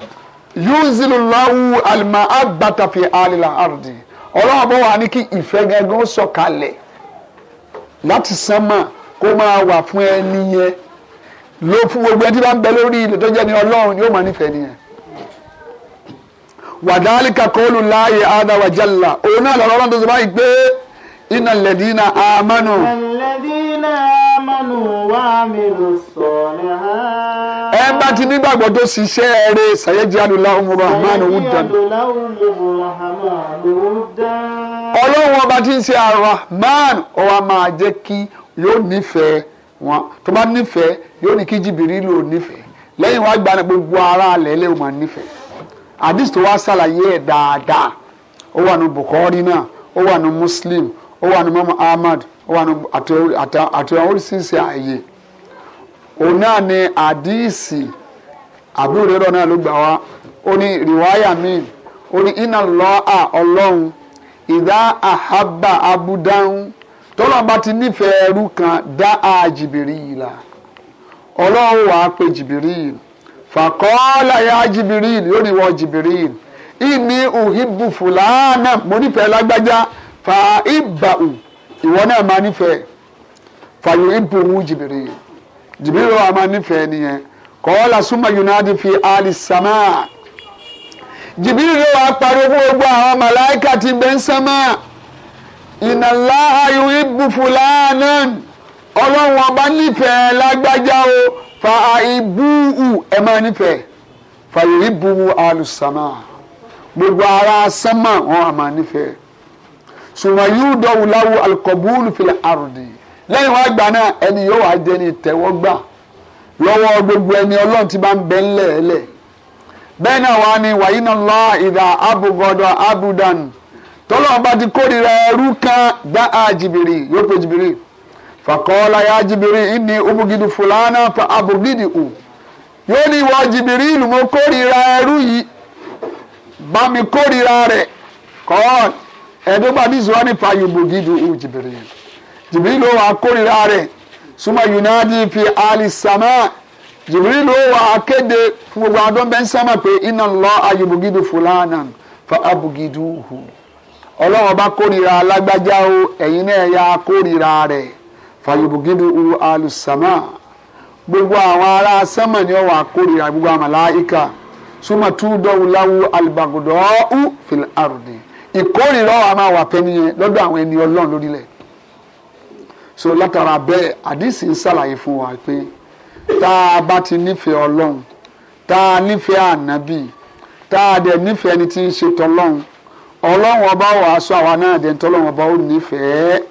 yúzìlùláwù àlùmá àgbàtàfẹ́ àlìlà àrùdì ọlọ́run bó wà ní kí ìfẹ́ gẹ́gẹ́ ó sọ̀kalẹ̀ láti kó máa wà fún ló fún gbogbo ẹni tí bá ń bẹ lórí ilẹ̀ tó jẹ́ ní ọlọ́run yóò máa nífẹ̀ẹ́ nìyẹn. wàdálíkà kọ́ọ̀lù láàyè adáwà jálà òun náà lọ́rọ́ tó sọ báyìí pé iná lẹ́dínà àmánù. lẹ́dínà àmánù wà mí ló sọ̀rọ̀ ha. ẹ bá ti nígbàgbọ́ tó ṣiṣẹ́ eré sàyẹ́jì adúláhùn mọ́ rahman wúdàn. ọlọ́run ọba ti ń ṣe àràmán ó wá máa jẹ́ kí yóò nífẹ̀ẹ́ wọn tó bá nífẹ̀ẹ́ yóò ní kí Jìbìrìlù wá gbogbo ara alẹ́ lẹ́yìn wọn nífẹ̀ẹ́ àdìs tó wá ṣàlàyé ẹ̀ dáadáa ó wà ní Bukhari náà ó wà ní Muslim ó wà Ahmad wà oríṣiríṣi ààyè òun náà ni àdìsì àbúrò náà ló gbà wá ó ní à ọlọ́run ìdá àhábà abúdáhùn tọ́lọ́run bá ti nífẹ̀ẹ́ ẹrú kan dá a jìbìrì yìí la ọlọ́run wàá pe jìbìrì yìí fàkọ́ọ́lá ya jìbìrì yìí yóò ní wọ jìbìrì yìí ìní òhìbù fúlàánà mo nífẹ̀ẹ́ lágbájá fa ìbàù ìwọ náà máa nífẹ̀ẹ́ fàyò ìbù wù jìbìrì yìí jìbìrì wa máa nífẹ̀ẹ́ nìyẹn kọ́ọ́lá súnmọ́ yunadi fi àlì sàmà jìbìrì wa pariwo fún gbogbo àwọn màláìka ti bẹ́ ìnàlá ayùrí bufulánà ọlọ́run ọba nífẹ̀ẹ́ lágbájá o fa àìbúhù ẹ máa nífẹ̀ẹ́ fa buhu alùsàmà gbogbo ara sánmà wọn àmà nífẹ̀ẹ́ ṣùgbọ́n yóò dọ̀wù láwù alùkọ̀bùlù fìlà àrùdì lẹ́yìn wá gbà náà ẹni yóò wá jẹ́ ní ìtẹ́wọ́gbà lọ́wọ́ gbogbo ẹni ọlọ́run ti bá ń bẹ ńlẹ̀ ẹ̀lẹ̀ bẹ́ẹ̀ náà wá ní wàyí náà lọ́ tọ́lọ́wọ́n bá ti kórìíra ẹrú kan gbá àjìbìrì yóò pe jìbìrì fàkọ́ọ́lá yá jìbìrì ìní ubùgìdì fúlànà fa abùgìdì ù yóò ní ìwọ jìbìrì ìlú mo kórìíra ẹrú yìí bá mi kórìíra rẹ̀ kọ́ọ̀n ẹ̀ẹ́dọ́gba ní ìṣòro nípa yòbògìdì ù jìbìrì jìbìrì ló wà kórìíra rẹ̀ súnmọ́ yunadi fi alisama jìbìrì ló wà akéde fún gbogbo adọ́nbẹ́nsámà pé iná lọ ayòbògìdì fúlànà fa abùgìdì ù ọlọ́run bá kórìíra alágbájá o ẹ̀yin náà ya kórìíra rẹ̀ fàyèbùgídù u alùsàmà gbogbo àwọn ará sánmà ni ó wà kórìíra gbogbo àwọn màláìka súnmọ́ túdọ̀wù láwù àlùbàgùdọ̀ ú fìlà àrùdì ìkórìíra wa máa wà pẹ́ni yẹn lọ́dọ̀ àwọn ẹni ọlọ́run lórílẹ̀ so látara bẹ́ẹ̀ àdìsí ń ṣàlàyé fún wa pé tá a bá ti nífẹ̀ẹ́ ọlọ́run tá a nífẹ̀ẹ́ ànábì tá a dẹ̀ nífẹ̀ẹ́ ẹni tí ń ṣe tọ́lọ́run ọlọ́run ọba wà á àwa náà dẹ̀ ntọ́lọ́run ọba ó nífẹ̀ẹ́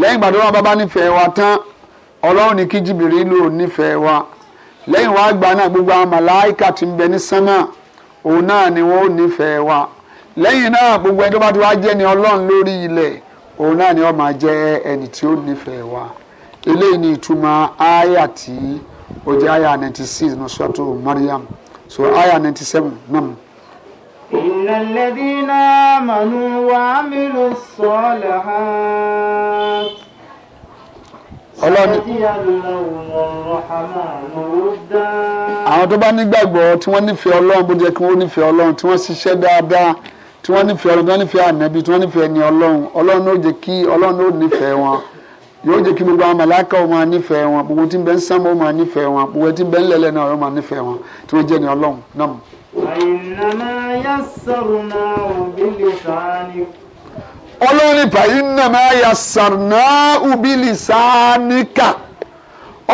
lẹ́yìn ìgbà tó wọn bá tán ọlọ́run ní kí ló nífẹ̀ẹ́ wa lẹ́yìn wá gbà náà gbogbo àwọn màláìkà ti ń bẹ ní sánà òun náà ni wọ́n ó nífẹ̀ẹ́ wa lẹ́yìn gbogbo ẹni tó bá jẹ́ ọlọ́run lórí ilẹ̀ òun náà ni máa jẹ́ ẹni tí ó nífẹ̀ẹ́ wa eléyìí إلا الذين آمنوا وعملوا الصالحات ọlọ́ni àwọn tó bá nígbàgbọ́ tí wọ́n nífẹ̀ẹ́ ọlọ́run bó jẹ́ kí wọ́n nífẹ̀ẹ́ ọlọ́run tí wọ́n ṣiṣẹ́ dáadáa tí wọ́n nífẹ̀ẹ́ ọlọ́run tí wọ́n nífẹ̀ẹ́ ànábì tí wọ́n nífẹ̀ẹ́ ẹni ọlọ́run ọlọ́run ó jẹ́ kí ọlọ́run ó nífẹ̀ẹ́ wọn yóò jẹ́ kí gbogbo àwọn ó máa nífẹ̀ẹ́ wọn gbogbo tí ń bẹ ń sánmọ́ ó máa nífẹ̀ẹ́ wọn gbogbo tí ń bẹ ń lẹ́lẹ́ náà ó máa nífẹ̀ẹ́ wọn tí wọ́n jẹ́ ni ọlọ́run náà ọlọ́run ní pàyí nàmá yasarná ubili sáníkà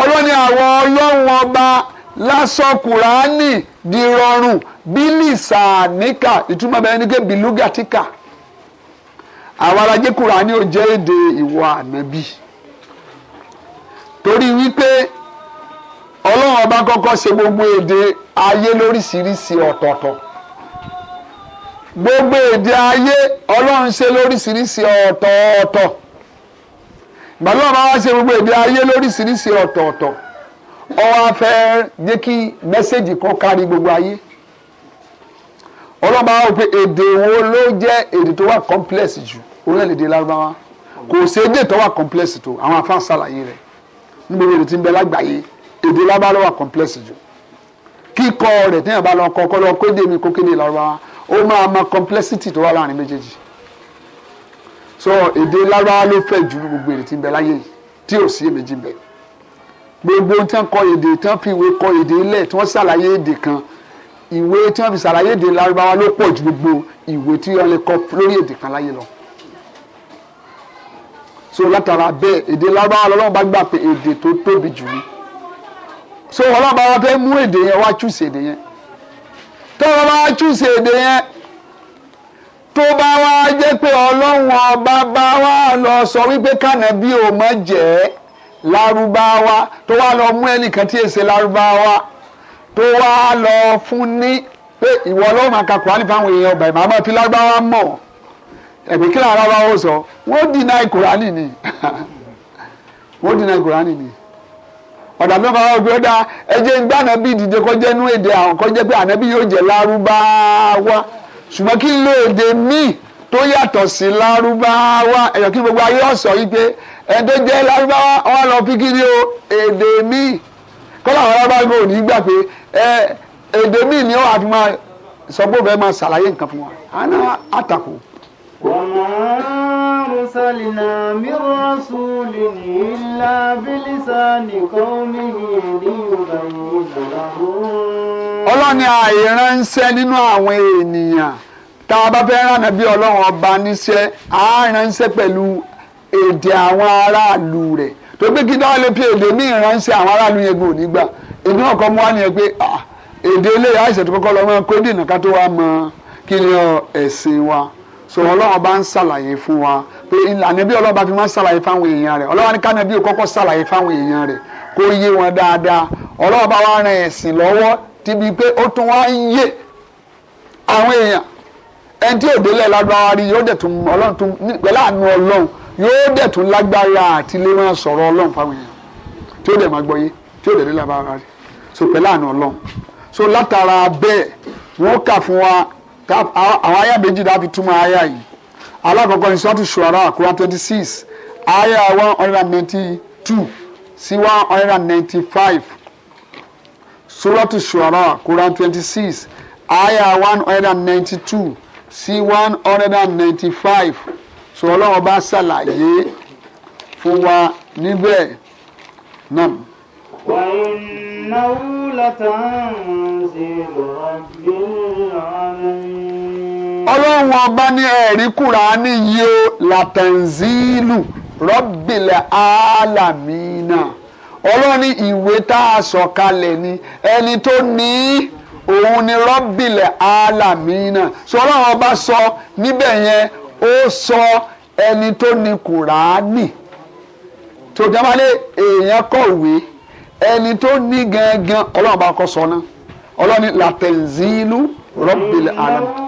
ọlọ́run ní àwọn ọlọ́run ọba lásọ kùránì di rọrùn bílì sáníkà ìtumọ̀ bẹ́ẹ̀ ni pé bìlúgàtíkà àwọn arajẹ́ kùránì ò jẹ́ èdè ìwọ ànábì torí wípé ọlọ́run ọba kọ́kọ́ ṣe gbogbo èdè ayé lóríṣiríṣi ọ̀tọ̀ọ̀tọ̀ gbogbo èdè ayé ọlọ́run ṣe lóríṣiríṣi ọ̀tọ̀ọ̀tọ̀ gbàdúrà máa wá ṣe gbogbo èdè ayé lóríṣiríṣi ọ̀tọ̀ọ̀tọ̀ ó wá fẹ́ jẹ́ kí mẹ́sẹ̀gì kan kárí gbogbo ayé ọlọ́ba wò pé èdè wo ló jẹ́ èdè tó wà complex jù orílẹ̀-èdè lárúbáwá kò sí èdè tó wà complex tó àwọn afáàn ṣàlàyé rẹ̀ ní gbogbo èdè tí ń bẹ lágbàáyé èdè lábàlọ́ wà complex jù kíkọ rẹ̀ téèyàn bá lọ kọ kọ́ lọ kéde mi kó kéde lárúbáwá ó máa mọ complexity tó wà láàrin méjèèjì so èdè lárúbáwá ló fẹ̀ ju gbogbo èdè tí ń bẹ láyé yìí tí ò sí èméjì ń bẹ gbogbo tí wọ́n kọ èdè tí wọ́n fi ìwé kọ èdè ilẹ̀ tí wọ́n ṣàlàyé èdè kan ìwé tí wọ́n fi ṣàlàyé èdè lárúbáwá ló pọ̀ ju gbogbo ìwé tí wọ́n lè kọ lórí èdè kan láyé lọ so látara bẹ́ẹ̀ èdè lárúbáwá lọ́wọ́ bá gbà pé èdè tó tóbi jù ni so ọlọ́ba wa fẹ́ mú èdè yẹn wá chúùsì èdè yẹn tó o bá chúùsì èdè yẹn tó bá wá jẹ́ pé ọlọ́run ọba bá wá lọ sọ wípé kànábí ò mọ̀ jẹ́ lárúbáwá tó wá lọ mú ẹnìkan tí èsè lárúbáwá tó wá lọ fún ní pé ìwọ ọlọ́run àka kùránì fáwọn èèyàn ọba ìmọ̀ àbá fi lárúbáwá mọ̀ ẹ̀mí kí làrá wa ó sọ wọ́n dìnnà kùránì ni wọ́n dìnnà kùránì ni ọ̀dà mi máa wọ́n gbé ọ́dà ẹ jẹ́ ń gbá ànábì dìde kọ́ jẹ́ nú èdè àwọn kọ́ jẹ́ pé ànábì yóò jẹ́ lárúbáwá ṣùgbọ́n kí ló èdè míì tó yàtọ̀ sí lárúbáwá ẹ̀yọ̀ kí gbogbo ayé ọ̀sọ̀ yìí pé ẹni tó jẹ́ lárúbáwá wọn lọ fi kiri o èdè míì kọ́lá àwọn lárúbáwá yìí kò gbà pé èdè míì ni ó wà fún wa sọ pé ó máa ṣàlàyé nǹkan fún wa àná àtàkùn. wọ́n أرسلنا من رسول إلا بلسان قومه ليبين لهم ọlọ́ni àìránṣẹ́ nínú àwọn ènìyàn tá a bá fẹ́ rán bí ọlọ́run ọba níṣẹ́ àáránṣẹ́ pẹ̀lú èdè àwọn aráàlú rẹ̀ tó gbé kí dáwọ́ lè fi èdè míì ránṣẹ́ àwọn aráàlú yẹn gbòó nígbà èdè náà kọ́ mú wá nìyẹn pé èdè eléyà àìsàn tó kọ́kọ́ lọ wọn kó dènà ká tó wá mọ kí ni ẹ̀sìn wa sọ̀rọ̀ ọlọ́run bá ń ṣàlàyé fún wa pé ìlànà bí ọlọ́ba fi wọ́n ṣàlàyé fáwọn èèyàn rẹ̀ ọlọ́wà ní kánà bí o kọ́kọ́ ṣàlàyé fáwọn èèyàn rẹ̀ kó yé wọn dáadáa ọlọ́ba wa ran ẹ̀sìn lọ́wọ́ tíbi pé ó tún wá ń yé àwọn èèyàn ẹni tí òde lẹ̀ lágbára rí yóò dẹ̀tún ọlọ́run tún pẹ̀lú àánú ọlọ́run yóò dẹ̀tún lágbára àti lè máa sọ̀rọ̀ ọlọ́run fáwọn èèyàn tí ó dẹ̀ máa gbọ́ tí ó dẹ̀ lè lágbára rí so pẹ̀lú àánú ọlọ́run so látara bẹ́ẹ̀ wọ́n kà fún wa àwọn aya méjì dábì túmọ̀ aya yìí alákọ̀ọ́kọ́ ní sọ́tù ṣùwárà Quran twenty six aya one hundred and ninety two sí one hundred and ninety five sọ́tù ṣùwárà Quran twenty six aya one hundred and ninety two sí one hundred and ninety five sọ ọlọ́run bá ṣàlàyé fún wa níbẹ̀ náà. وإنه لتنزيل رب العالمين ọlọ́run ọba ní ẹ̀rí kùránì yìí o latanzilu rọ́bìlẹ̀ alamina ọlọ́run ní ìwé tá a sọ kalẹ̀ ni ẹni tó ní òun ni rọ́bìlẹ̀ alamina sọ ọlọ́run ọba sọ níbẹ̀ yẹn ó sọ ẹni tó ní kùránì tó jẹ́málé èèyàn kọ̀wé ẹni tó ní gangan ọlọ́run ọba kọ sọ náà ọlọ́run ní latanzilu rọ́bìlẹ̀ alamina.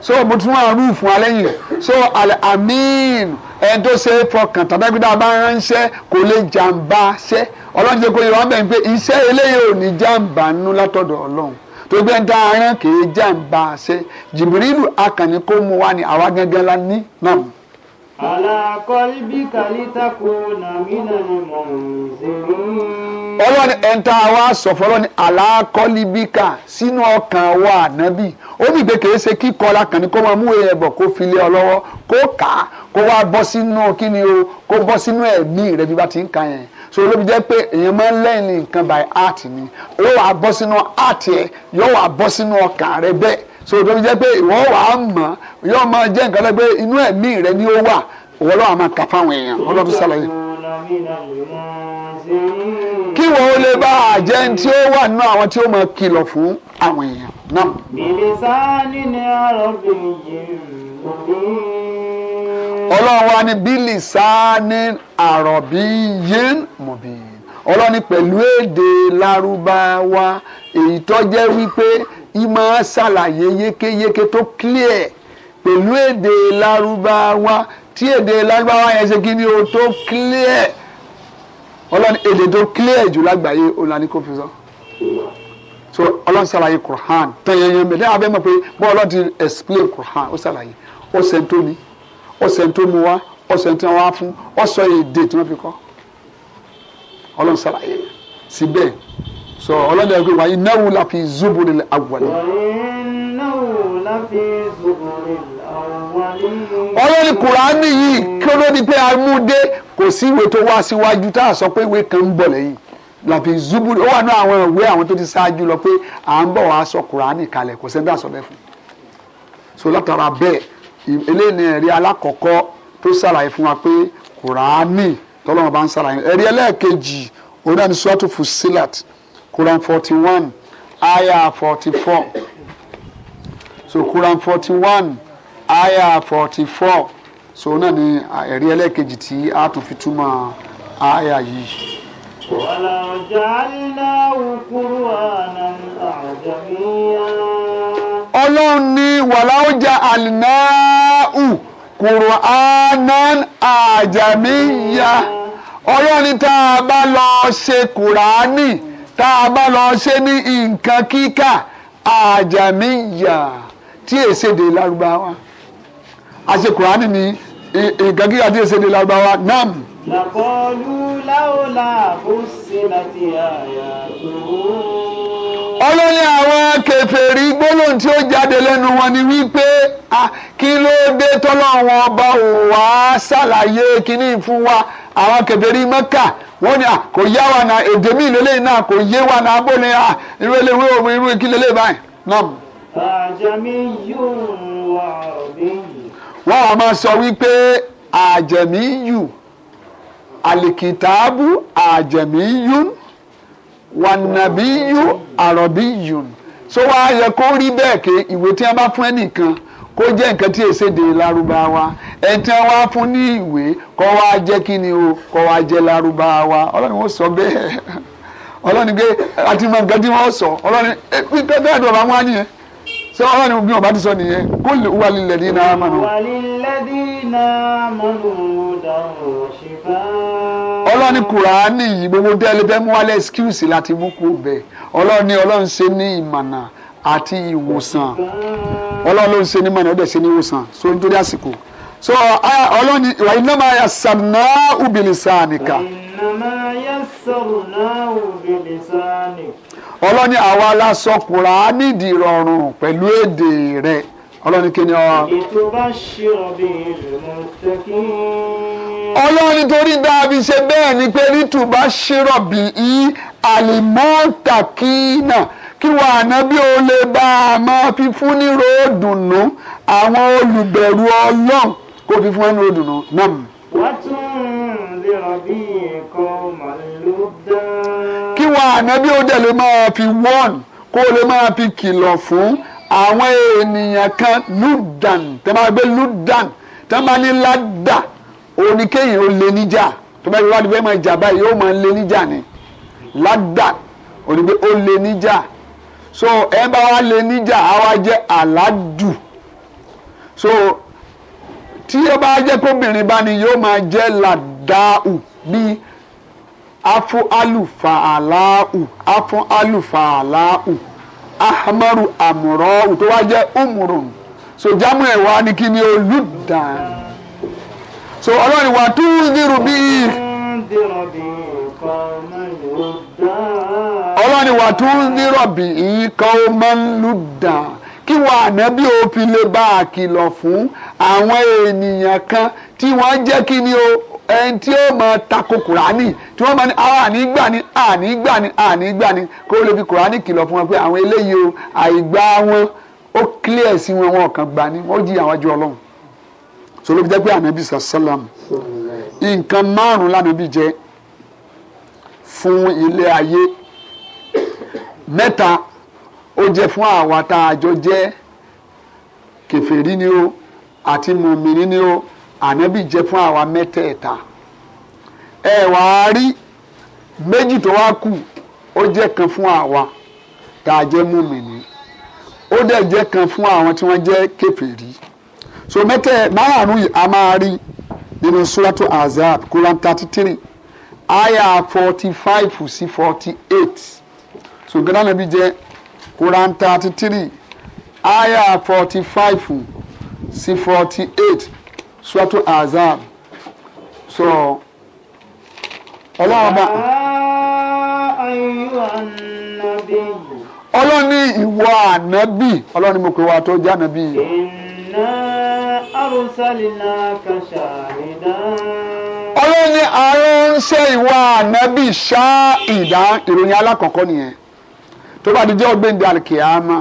so mo tún wà rú fún alẹ́yìn so amin ẹni tó ṣe é fọkàn tàbẹ́gbẹ́dá bá ránṣẹ́ kò lè jàǹbá ṣẹ́ ọlọ́run jẹ́ kó yẹ wá bẹ́ẹ̀ pé iṣẹ́ eléyìí ò ní jàǹbá nínú látọ̀dọ̀ ọlọ́run tó gbé ń dá arán kì í jàǹbá ṣẹ́ jìbìrìlù akànnì kó mu wá ní àwa gángan la ní náà. على قلبك لتكون من ẹ̀ńtà wa sọ fọlọ́ni aláàkọ́líbíkà sínú ọkàn wa ànábì ó ní pé kìí ṣe kíkọ́ra kàn ní kó máa mú èèyàn bọ̀ kó fi lé ọ lọ́wọ́ kó kà á kó wá bọ́ sínú kí o kó bọ́ sínú ẹ̀mí rẹ bí ti ń ka yẹn so olóbi jẹ́ pé èèyàn máa ń lẹ́yìn nǹkan by ni ó wàá bọ́ sínú heart yẹ yóò wàá bọ́ sínú ọkàn rẹ bẹ́ẹ̀ so tó fi jẹ́ pé ìwọ wà á mọ̀ yóò máa jẹ́ nǹkan lẹ́gbẹ́ inú ẹ̀mí rẹ ni ó wà ìwọ lọ́wọ́ máa kà fáwọn èèyàn ọlọ́dún sálàyé. kí wọ́n ó lè bá àjẹ́ tí ó wà nínú àwọn tí ó máa kìlọ̀ fún àwọn èèyàn náà. bìlísà nínú arábìnrin yìí ọlọ́run wa ni bílísà ní àròbí yín mọ̀bí ọlọ́run ni pẹ̀lú èdè lárúbáwá èyí tó jẹ́ wípé ìmọ̀ ṣàlàyé yékéyéké tó clear pẹ̀lú èdè lárúbáwá tí èdè lárúbáwá yẹn ṣe kí ni o tó clear ọlọ́ni èdè tó clear jù lágbàáyé ọ̀làní kò fi sọ so ọlọ́run ṣàlàyé Qur'an tẹ̀yẹ̀yẹ̀ mẹ́lẹ́ abẹ́ mọ̀ pé bọ́ ọlọ́run ti explain Qur'an ó ṣàlàyé ó ṣèǹtó ni ó ṣèǹtó mu wá ó ṣèǹtó wá fún ó sọ èdè tí wọ́n fi kọ́ ọlọ́run ṣàlàyé síbẹ̀ so ọlọ́dẹ ẹgbẹ́ wa ináwó la fi zuburi awali. ọlọ́ni kùránì yìí kí ó ló di pé a mú dé kò sí ìwé tó wá síwájú tá a sọ pé ìwé kan ń bọ̀ lẹ́yìn làfi zuburi ó wà ní àwọn ìwé àwọn tó ti ṣáájú lọ pé à ń bọ̀ wá sọ kùránì kalẹ̀ kò sẹ́ńdà sọ bẹ́ẹ̀ fún un so látara bẹ́ẹ̀ eléyìí ẹ̀rí alákọ̀ọ́kọ́ tó ṣàlàyé fún wa pé kùránì tọ́lọ́mọba ń ṣàlàyé ẹ̀rí ẹlẹ́ẹ̀kejì onáni sọ́tù fusilat Quran forty one aya forty four so Quran forty one aya forty four so na ni ẹ̀rí ẹlẹ́ẹ̀kejì tí a tún fi túmọ̀ aya yìí. wàlá ja'alnahu Qur'anan a'jamiyya. ọlọ́run ní wàlá ja'alnahu Qur'anan a'jamiyya ọlọ́run ní tá a bá lọ ṣe kùránì tá a bá lọ ṣe ní nǹkan kíkà àjàmíyà tí èsèdè lárúbáwá àṣẹ kùránì ní nǹkan kíkà tí èsèdè lárúbáwá nam. làkọlù láòlà ó ṣe láti àyà tó. ọlọ́ni àwọn kèfèrí gbólóhùn tí ó jáde lẹ́nu wọn ni wípé kí ló dé tọ́lọ́wọ́n ọba ò wá ṣàlàyé kínní fún wa àwọn kèfèrí mẹ́kà wọ́n ní kò yá wa náà èdè mi náà kò yé ni irú irú báyìí náà. àjẹmí wà ọ̀bí wọ́n sọ wípé àjẹmí àlìkìtàbù àjẹmí wànàbíyù àrọ̀bíyù so wá yẹ kó rí bẹ́ẹ̀ ké ìwé tí wọ́n bá fún ẹnìkan kó jẹ́ nǹkan tí èsè de laruba ẹni tí wọ́n wá fún ní ìwé kó wá jẹ́ kí ni o kó je jẹ́ lárúbáwá ọlọ́run ó sọ bẹ́ẹ̀ ọlọ́run gbé àti mọ nǹkan tí wọ́n sọ ọlọ́run eh, bẹ́ẹ̀ ọba wọn nìyẹn ṣé ọlọ́run bí wọn bá ti sọ nìyẹn kó wà lílẹ̀ dín náà mọ̀nà. wà lílẹ̀ dín náà ọlọ́ni kùránì yìí gbogbo délé bẹ́ẹ̀ mú wálé láti mú kú ọlọ́ni ọlọ́run ṣe ní ìmọ̀nà àti ìwòsàn ọlọ́run ló ń ṣe ní ìmọ̀nà ṣe ní ìwòsàn so àsìkò so ọlọ́ni ìwà iná máa yà sànà ubìlìsà sànìkà. ọlọ́ni àwa la sọ kùránì èdè ọlọ́run nítorí dáàbí ṣe bẹ́ẹ̀ ni pé rítù bá ṣírọ̀ bí i àlìmọ́tàkínà kí wàá nábí ó lè bá a máa fi fún ní ròódùnú àwọn olùbẹ̀rù ọlọ́run kó fi fún ẹnu ròódùnú náà. wọ́n tún lè rọ̀ bí nǹkan màlúù dán. kí wàá nábí ó dẹ̀ lè máa fi wọ́n kó lè máa fi kìlọ̀ fún àwọn ènìyàn kan lùdàn tẹ́ máa gbé lùdàn tẹ́ máa ní ládàá òun ni kéèyàn ó lé níjà tó bá yẹ wá níbẹ̀ máa jà báyìí yóò máa lé níjà ni ládà òun ni ó lé níjà so ẹ bá wá lé níjà á wá jẹ́ àládù so tí ó bá jẹ́ kóbìnrin bá ni yóò máa jẹ́ làdáù bíi afu alufa aláù afu alufa aláù ahamaru amurọ́ù tó wá jẹ́ umurun so jamu ẹ̀ wá ní kí ni olùdàn so ọlọ́run ni wà á tún dìrù bí. ọlọ́run ni wà á tún dìrọ̀ bí ìkan ó máa ń lù dà kí wọn ànábì ó lè bá a kìlọ̀ fún àwọn ènìyàn kan tí wọ́n jẹ́ kí ni o ẹni tí ó máa ta ko kùránì tí wọ́n máa ní àwọn ànígbà ni ànígbà ni ànígbà ni kó lè fi kùránì kìlọ̀ fún wọn pé àwọn eléyìí o àìgbà wọn ó clear sí wọn wọn kàn gbà ni wọ́n jí àwọn ju ọlọ́run sọlọ́ bí jẹ́ pé ànábì sàlám nǹkan márùn-ún lánàbì jẹ fún ilé ayé mẹ́ta ó jẹ́ fún àwa tá a jọ jẹ́ kèfèrí ni o àti mùmíní ni o ànábì jẹ́ fún àwa mẹ́tẹ̀ẹ̀ta ẹ wà á rí méjì tó wá kù ó jẹ́ kan fún àwa tá a jẹ́ mùmíní ó dẹ̀ jẹ́ kan fún àwọn tí wọ́n jẹ́ kèfèrí so mẹ́tẹ̀ márààrún yìí a máa rí nínú suratu azab Quran thirty three aya forty five sí forty eight so gánà nàbí jẹ́ Quran thirty three aya forty five sí forty eight suratu azab so ọlọ́run bá. ọlọ́run ní ìwọ ànábì ọlọ́run ní mo pè wá tó jẹ́ ànábì. ìnáà arúnṣálínàkà ṣàhìdá. ọlọ́run ní aránṣẹ́ ìwà ànábì ṣá ìdá ìròyìn alákọ̀ọ́kọ́ nìyẹn tó bá di jẹ́ ọgbẹ́ndé alikiyama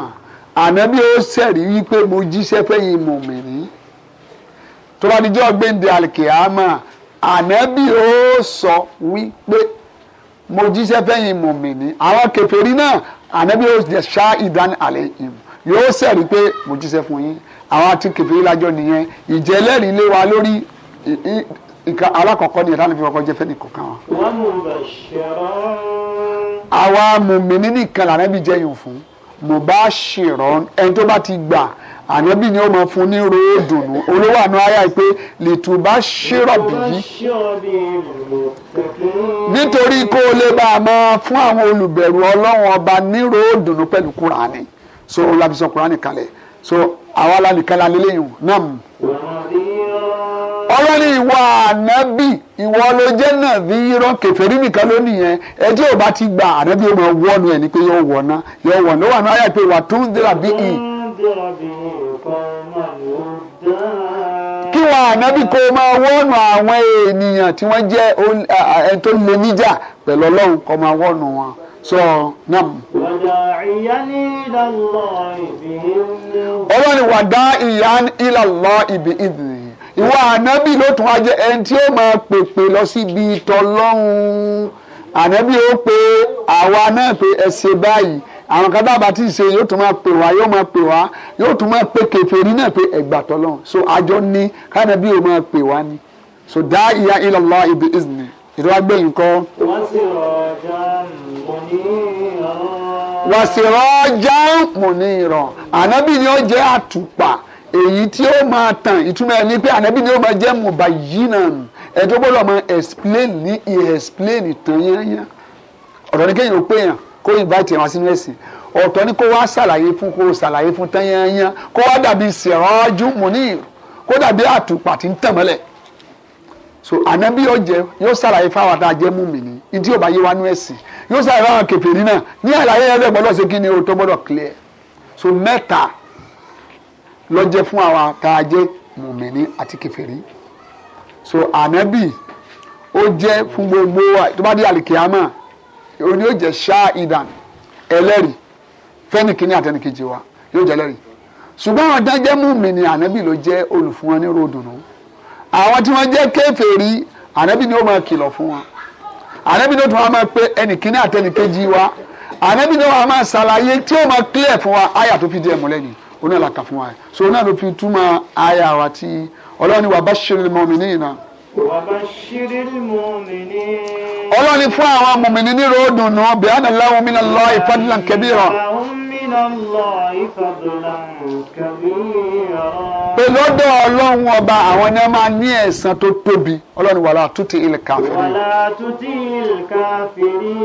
ànábì ó sẹ̀rí wípé mo jíṣẹ́ fẹ́yìn mọ̀mìnì tó bá di jẹ́ ọgbẹ́ndé alikiyama ànábì ó sọ wípé mo jíṣẹ́ fẹ́yìn mọ̀mìnì àwọn kèfèrí náà ànábì ó ṣá ìdánilẹ̀ yìí yóò sẹ̀rí pé mo jíṣẹ́ fún yín àwọn àti kèfèrí lájọ nìyẹn ìjẹ́ ẹlẹ́rìí lé wa lórí ìka alákọ̀ọ́kọ́ nìyẹn táwọn fi kọ́kọ́ jẹ́ fẹ́ni kọ̀ọ̀kan wa. àwa mùmíní nìkan lànàbí jẹyìn fún mubashiron ẹni tó bá ti gbà ànábì ni ó máa fún ní ròódùnú olówó àná ayá pé lìtùbá ṣírọ̀bì yìí nítorí kó o lè bá a máa fún àwọn olùbẹ̀rù ọlọ́run ọba ní ròódùnú pẹ̀lú kúránì so olùbàbísọ̀ kúránì kalẹ̀ so àwa lánìkan lánìlẹ́ yìí náà mú. ni ìwà ànábì ìwọ ló náà bí irọ́ kẹfẹ́rí nìkan ló nìyẹn ẹjẹ́ ò ti gba ànábì ó máa ẹ̀ ní pé yóò wọ̀ ná yóò wọ̀ ná wà náà yà bi i. kí wọn ànábì kó máa wọ́nu àwọn ènìyàn tí wọ́n jẹ́ ẹni tó lè níjà pẹ̀lú ọlọ́run kó máa wọn. sọ nam. ọlọ́ni wàdá ìyá ilà lọ ibi ìdìní ìwọ ànábì ló tún ajẹ ẹni tí ó máa pèpè lọ síbi tọlọ́hún ànábì ó pe àwa náà pé ẹ ṣe báyìí àwọn kan dábàá tí ì ṣe yóò tún máa pè wá yóò máa pè wá yóò tún máa pe kèfèrí náà pé ẹgbà tọlọ́hún so àjọ ní kánábì ó máa pè wá ni so dá ìyá ilà lọ ibi ìdìní ìdọ́wàgbẹ́yìn kọ́. wọ́n sì rọ̀ ọjà mi wàsíwájà mùníràn ànábì ni ó jẹ́ àtùpà èyí tí ó máa tàn ìtumọ̀ ẹni pé ànábì ni ó máa jẹ́ mubayinan ẹ̀ tó gbọ́dọ̀ máa explain ní explain tán yányá ọ̀rọ̀ ni kéèyàn ó pè yàn kó invite wọn sínú ẹ̀sìn ọ̀tọ̀ ni kó wá ṣàlàyé fún kó ṣàlàyé fún tán yányá kó wá dàbí sìrọ́jú mùníràn kó dàbí àtùpà tí ń tàn mọ́lẹ̀ so anabi yóò jẹ yóò ṣàlàyé fáwọn àtà jẹ mùmínì ní tí yóò bá yé wa nú ẹ̀sìn yóò ṣàlàyé fáwọn kèfèrí náà ní àlàyé yẹn bẹ́ẹ̀ gbọ́dọ̀ kí ni o tó gbọ́dọ̀ clear so mẹ́ta ló jẹ́ fún àwọn àtà jẹ mùmínì àti kèfèrí so anabi ó jẹ́ fún gbogbo wa tó bá dé àlìkìyàmà òun ni ó jẹ́ ṣáà ìdàn ẹlẹ́rìí fẹ́ni kìíní àtẹnikejì wa yóò jẹ́ ẹlẹ́rìí ṣùgbọ́n àwọn dájẹ́ mùmínì ànábì ló jẹ́ olùfún wọn ní ròdùnú àwọn tí wọ́n jẹ́ kèfèrí ànábì ni ó máa kìlọ̀ fún wọn ànábì ni ó tún wá máa pe ẹnìkíní àtẹnìkejì wa ànábì ni ó wá máa ṣàlàyé tí ó máa clear fún wa àyà tó fi di ẹ̀mú lẹ́yìn oní àlàkà fún wa yẹn so oní àlọ́ fi túmọ̀ àyà wa tí ọlọ́run ni wà bashiril mu'minina. wà bashiril mu'minina. ọlọ́run fún àwọn mọ̀mìnì ní ròódùn náà bí من lọ́dọ̀ ọlọ́run ọba àwọn ẹni máa ní ẹ̀san tó tóbi ọlọ́run wàlá tútì ìlkàfìrí. wàlá tútì ìlkàfìrí.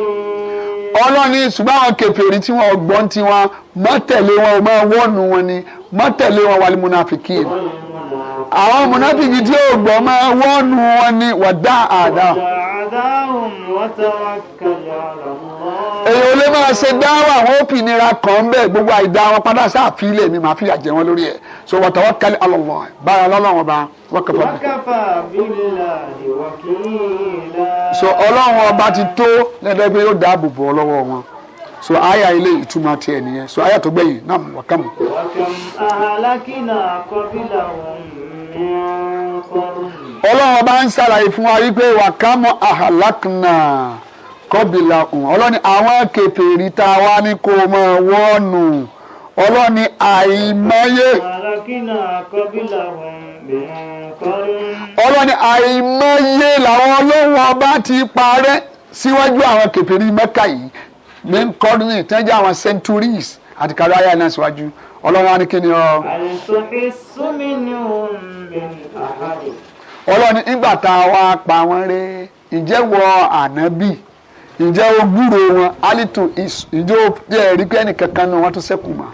ọlọ́run ní ṣùgbọ́n àwọn kèfèrí tí wọ́n gbọ́n tí wọ́n mọ́tẹ̀lé wọn máa wọ́ọ̀nù wọn ni mọ́tẹ̀lé wọn wà àwọn tí gbọ́ máa wọn ni wàdá àdá. wàdá wọ́n tẹ́wọ́ èyàn ò lè máa ṣe dáwà wọn o pinira kàn ń bẹ gbogbo àìdá wọn padà sáà fi mi màá fi àjẹ wọn lórí ẹ so wa tawakkal ala Allah bára lọ́lọ́wọ́n bá wakafa. wakafa billahi so ọlọ́run ọba ti tó lẹ́dọ̀ pé yóò dáàbò wọn so aya ilé ìtumọ̀ tiẹ̀ nìyẹn so tó gbẹ̀yìn náà ń ṣàlàyé fún wa wípé kọ́bìlà hùn ọlọ́ni àwọn kèfèrí tá a wá ní kó máa wọ́ọ̀nù ọlọ́ni àìmọye. ọlọ́ni àìmọye làwọn olóhùn ọba ti parẹ́ síwájú àwọn kèfèrí mẹ́ka yìí ní kọ́dúnrún ìtẹ́jú àwọn centuries àti kárí ayé náà síwájú ọlọ́run á ní kí ni ọ. ọlọ́ni nígbà tá a wá pa wọ́n rẹ́ ìjẹ́wọ́ ànábì ǹjẹ́ o gbúrò wọn alitu is ǹjẹ́ o jẹ́ rí pé ẹnìkan kan náà wọ́n tún sẹ́kù ma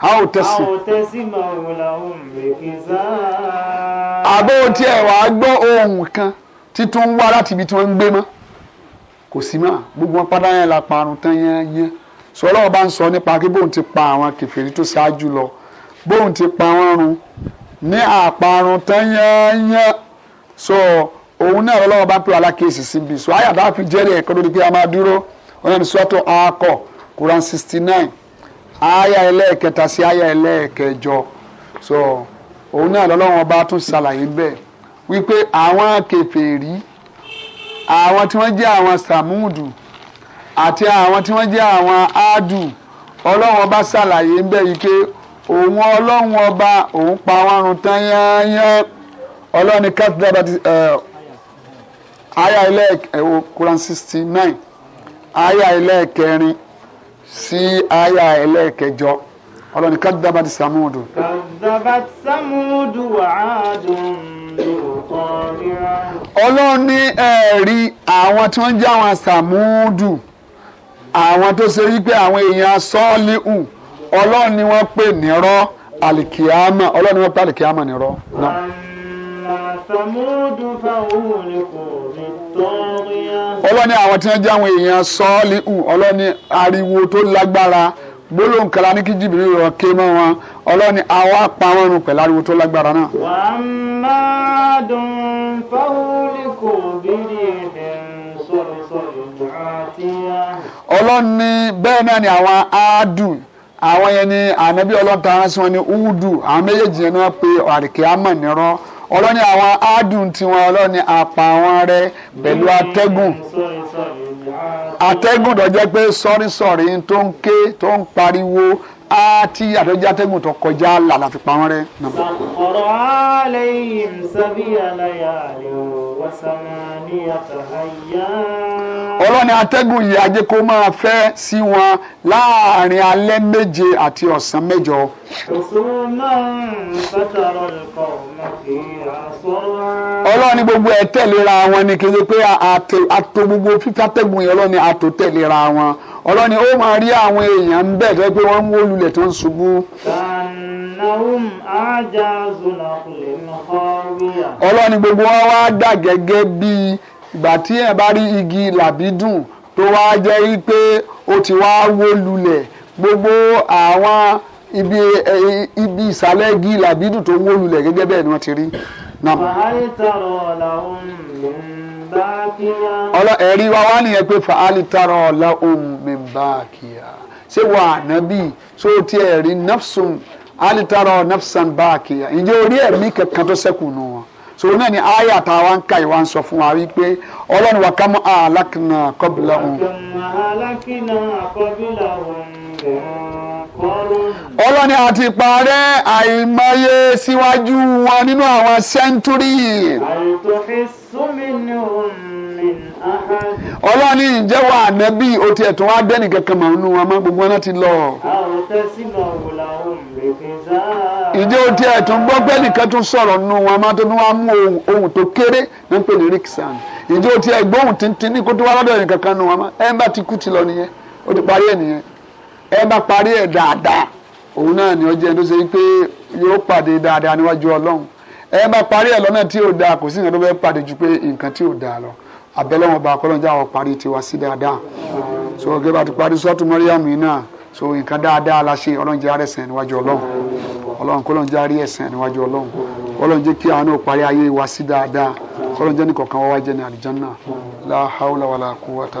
a ò tẹ̀sí. a ò tẹ̀sí máa wò láwọn mèkì sáà. àbẹ́ o tiẹ̀ wàá gbọ́ ohun kan títún wá láti ibi tí wọ́n ń gbé mọ́ kò sí mọ́ gbogbo wọn padà yẹn la parun tán yẹn yẹn sọlá ọba ń sọ nípa pé bóun ti pa àwọn kèfèrí tó ṣáájú lọ bóun ti pa wọn run ní àparun tán yẹn yẹn sọ. So, òun náà ọlọ́run bá pè wá lákèésì síbi so àyà bá fi jẹ́rìí ẹ̀kọ́ lórí pé a máa dúró ọlọ́run ní sọ́tò akọ Quran sixty nine àyà ẹlẹ́ẹ̀kẹta sí àyà ẹlẹ́ẹ̀kẹjọ so òun náà ọlọ́run bá tún ṣàlàyé bẹ́ẹ̀ wípé àwọn kèfèrí àwọn tí wọ́n jẹ́ àwọn sàmúdù àti àwọn tí wọ́n jẹ́ àwọn áádù ọlọ́run ọba ṣàlàyé ń bẹ̀ yìí pé òun ọlọ́run ọba òun pa wọn run tán yányán ọlọ́run ní aya ẹlẹ́ẹ̀kẹwo Quran sixty nine aya ẹlẹ́ẹ̀kẹrin sí aya ẹlẹ́ẹ̀kẹjọ ni kadabat samudu. kadabat samudu wa adun ọlọ́ni ẹ̀rí àwọn tí wọ́n jẹ́ àwọn samudu àwọn tó ṣe wípé àwọn èèyàn sọ́ọ́líhù ọlọ́ni wọ́n pè nírọ́ alikiyama ọlọ́ni wọ́n pè alikiyama nírọ́ náà ọlọ́ni àwọn tí wọ́n jẹ́ àwọn èèyàn sọ́ọ́lì hù ọlọ́ni ariwo tó lágbára gbólóhùn kala ní kí jìbìrì rọ ké mọ́ wọn ọlọ́ni àwọn apáwọn rún pẹ̀lú ariwo tó lágbára náà. wà á máa dùn fáwọlì kò bírí ẹ̀ ọlọ́run ní bẹ́ẹ̀ náà ni àwọn áádù àwọn yẹn ni ànábì ọlọ́run tààrà sí wọn ní údù àwọn méjèèjì yẹn ni wọ́n pe àrìkè ámọ̀ nírọ́ ọlọ́ni àwọn adùn tiwọn ọlọ́ni apá wọn rẹ pẹ̀lú atẹ́gùn atẹ́gùn tó jẹ́ pé sọ́rísọ̀rí tó ń ké tó ń pariwo á tí àtẹ́jẹ́ atẹ́gùn tó kọjá là láti pa wọn rẹ. ọ̀rọ̀ alayhim sab'a layalin wa samaniyata ayyam ọlọ́ni atẹ́gùn yìí ajé kó máa fẹ́ sí wọn láàrin alẹ́ méje àti ọ̀sán mẹ́jọ ọlọ́ọ̀ni gbogbo ẹ̀ tẹ̀léra wọn ni kí n ṣe pé ato gbogbo fífàtẹ́gùn yẹn ọlọ́ọ̀ni àtò tẹ̀léra wọn ọlọ́ọ̀ni ó máa rí àwọn èèyàn ń bẹ̀ tẹ́ pé wọ́n ń wó lulẹ̀ tó ń ṣubú. ọlọ́ọ̀ni gbogbo wọn wá dà gẹ́gẹ́ bíi ìgbà tí ẹ̀ bá rí igi làbídùn tó wá jẹ́ wípé ó ti wá wó lulẹ̀ gbogbo àwọn ibi eh, ibi ìsàlẹ̀ igi làbídù tó wó lulẹ̀ gẹ́gẹ́ bẹ́ẹ̀ ni wọ́n ti rí. ẹ̀rí wa wá nìyẹn pé fàálì tààrọ̀ ọ̀la ohun mi bá a ṣé wà ànábì tó tiẹ̀ rí nafsun alitarọ nafsan baakiya ǹjẹ́ orí ẹ̀mí kankan tó ṣẹ́kù nù wọn so náà ni aya tá a wá ń ka ìwà ń sọ fún wa wípé ọlọ́run wa kámú alakina kọ́bìlà òun ọlọ́ni àti parẹ́ àìmọye síwájú wọn nínú àwọn sẹ́ńtúrì. ọlọ́ni ìjẹ́wọ́ ànábì ó tiẹ̀ tún wá dẹ́nì kankan mọ̀ nínú wọn mọ́ gbogbo wọn ti lọ. ìjẹ́ ó tiẹ̀ tún gbọ́ pé nìkan tún sọ̀rọ̀ nínú wọn mọ́ tó tún wá mú ohun tó kéré ní pè ní rickson ìjẹ́ ó tiẹ̀ gbóhùn tìǹtìǹ ní kó tó wá lọ́dọ̀ ẹnìkankan nínú wọn mọ́ ẹ̀ ń bá ti kú ti lọ nìyẹn ó ti parí ẹ̀ nìyẹn ẹ bá parí ẹ̀ dáadáa òun náà ni ó jẹ́ ẹni tó ṣe pé yóò pàdé dáadáa níwájú ọlọ́run ẹ bá parí ẹ̀ lọ́nà tí ò dáa kò sí nǹkan tó fẹ́ pàdé ju pé nǹkan tí ò dáa lọ abẹ́lẹ́wọ̀n bá kọ́lọ́n já wọ́n parí tiwa sí dáadáa so gẹ́gẹ́ bá ti parí sọ́ọ̀tù mọ́ríyàmù yìí náà so nǹkan dáadáa la ṣe ọlọ́run jẹ́ àrẹ̀sẹ̀ níwájú ọlọ́run ọlọ́run kọ́lọ́n jẹ́ àrí ẹ̀sẹ̀ níwájú ọlọ́run kọ́lọ́n jẹ́ kí àánú parí ayé wa sí dáadáa kọ́lọ́n jẹ́ nìkọ̀ọ̀kan wá wá jẹ́ ní àlìjánnà la hawla wala quwwata.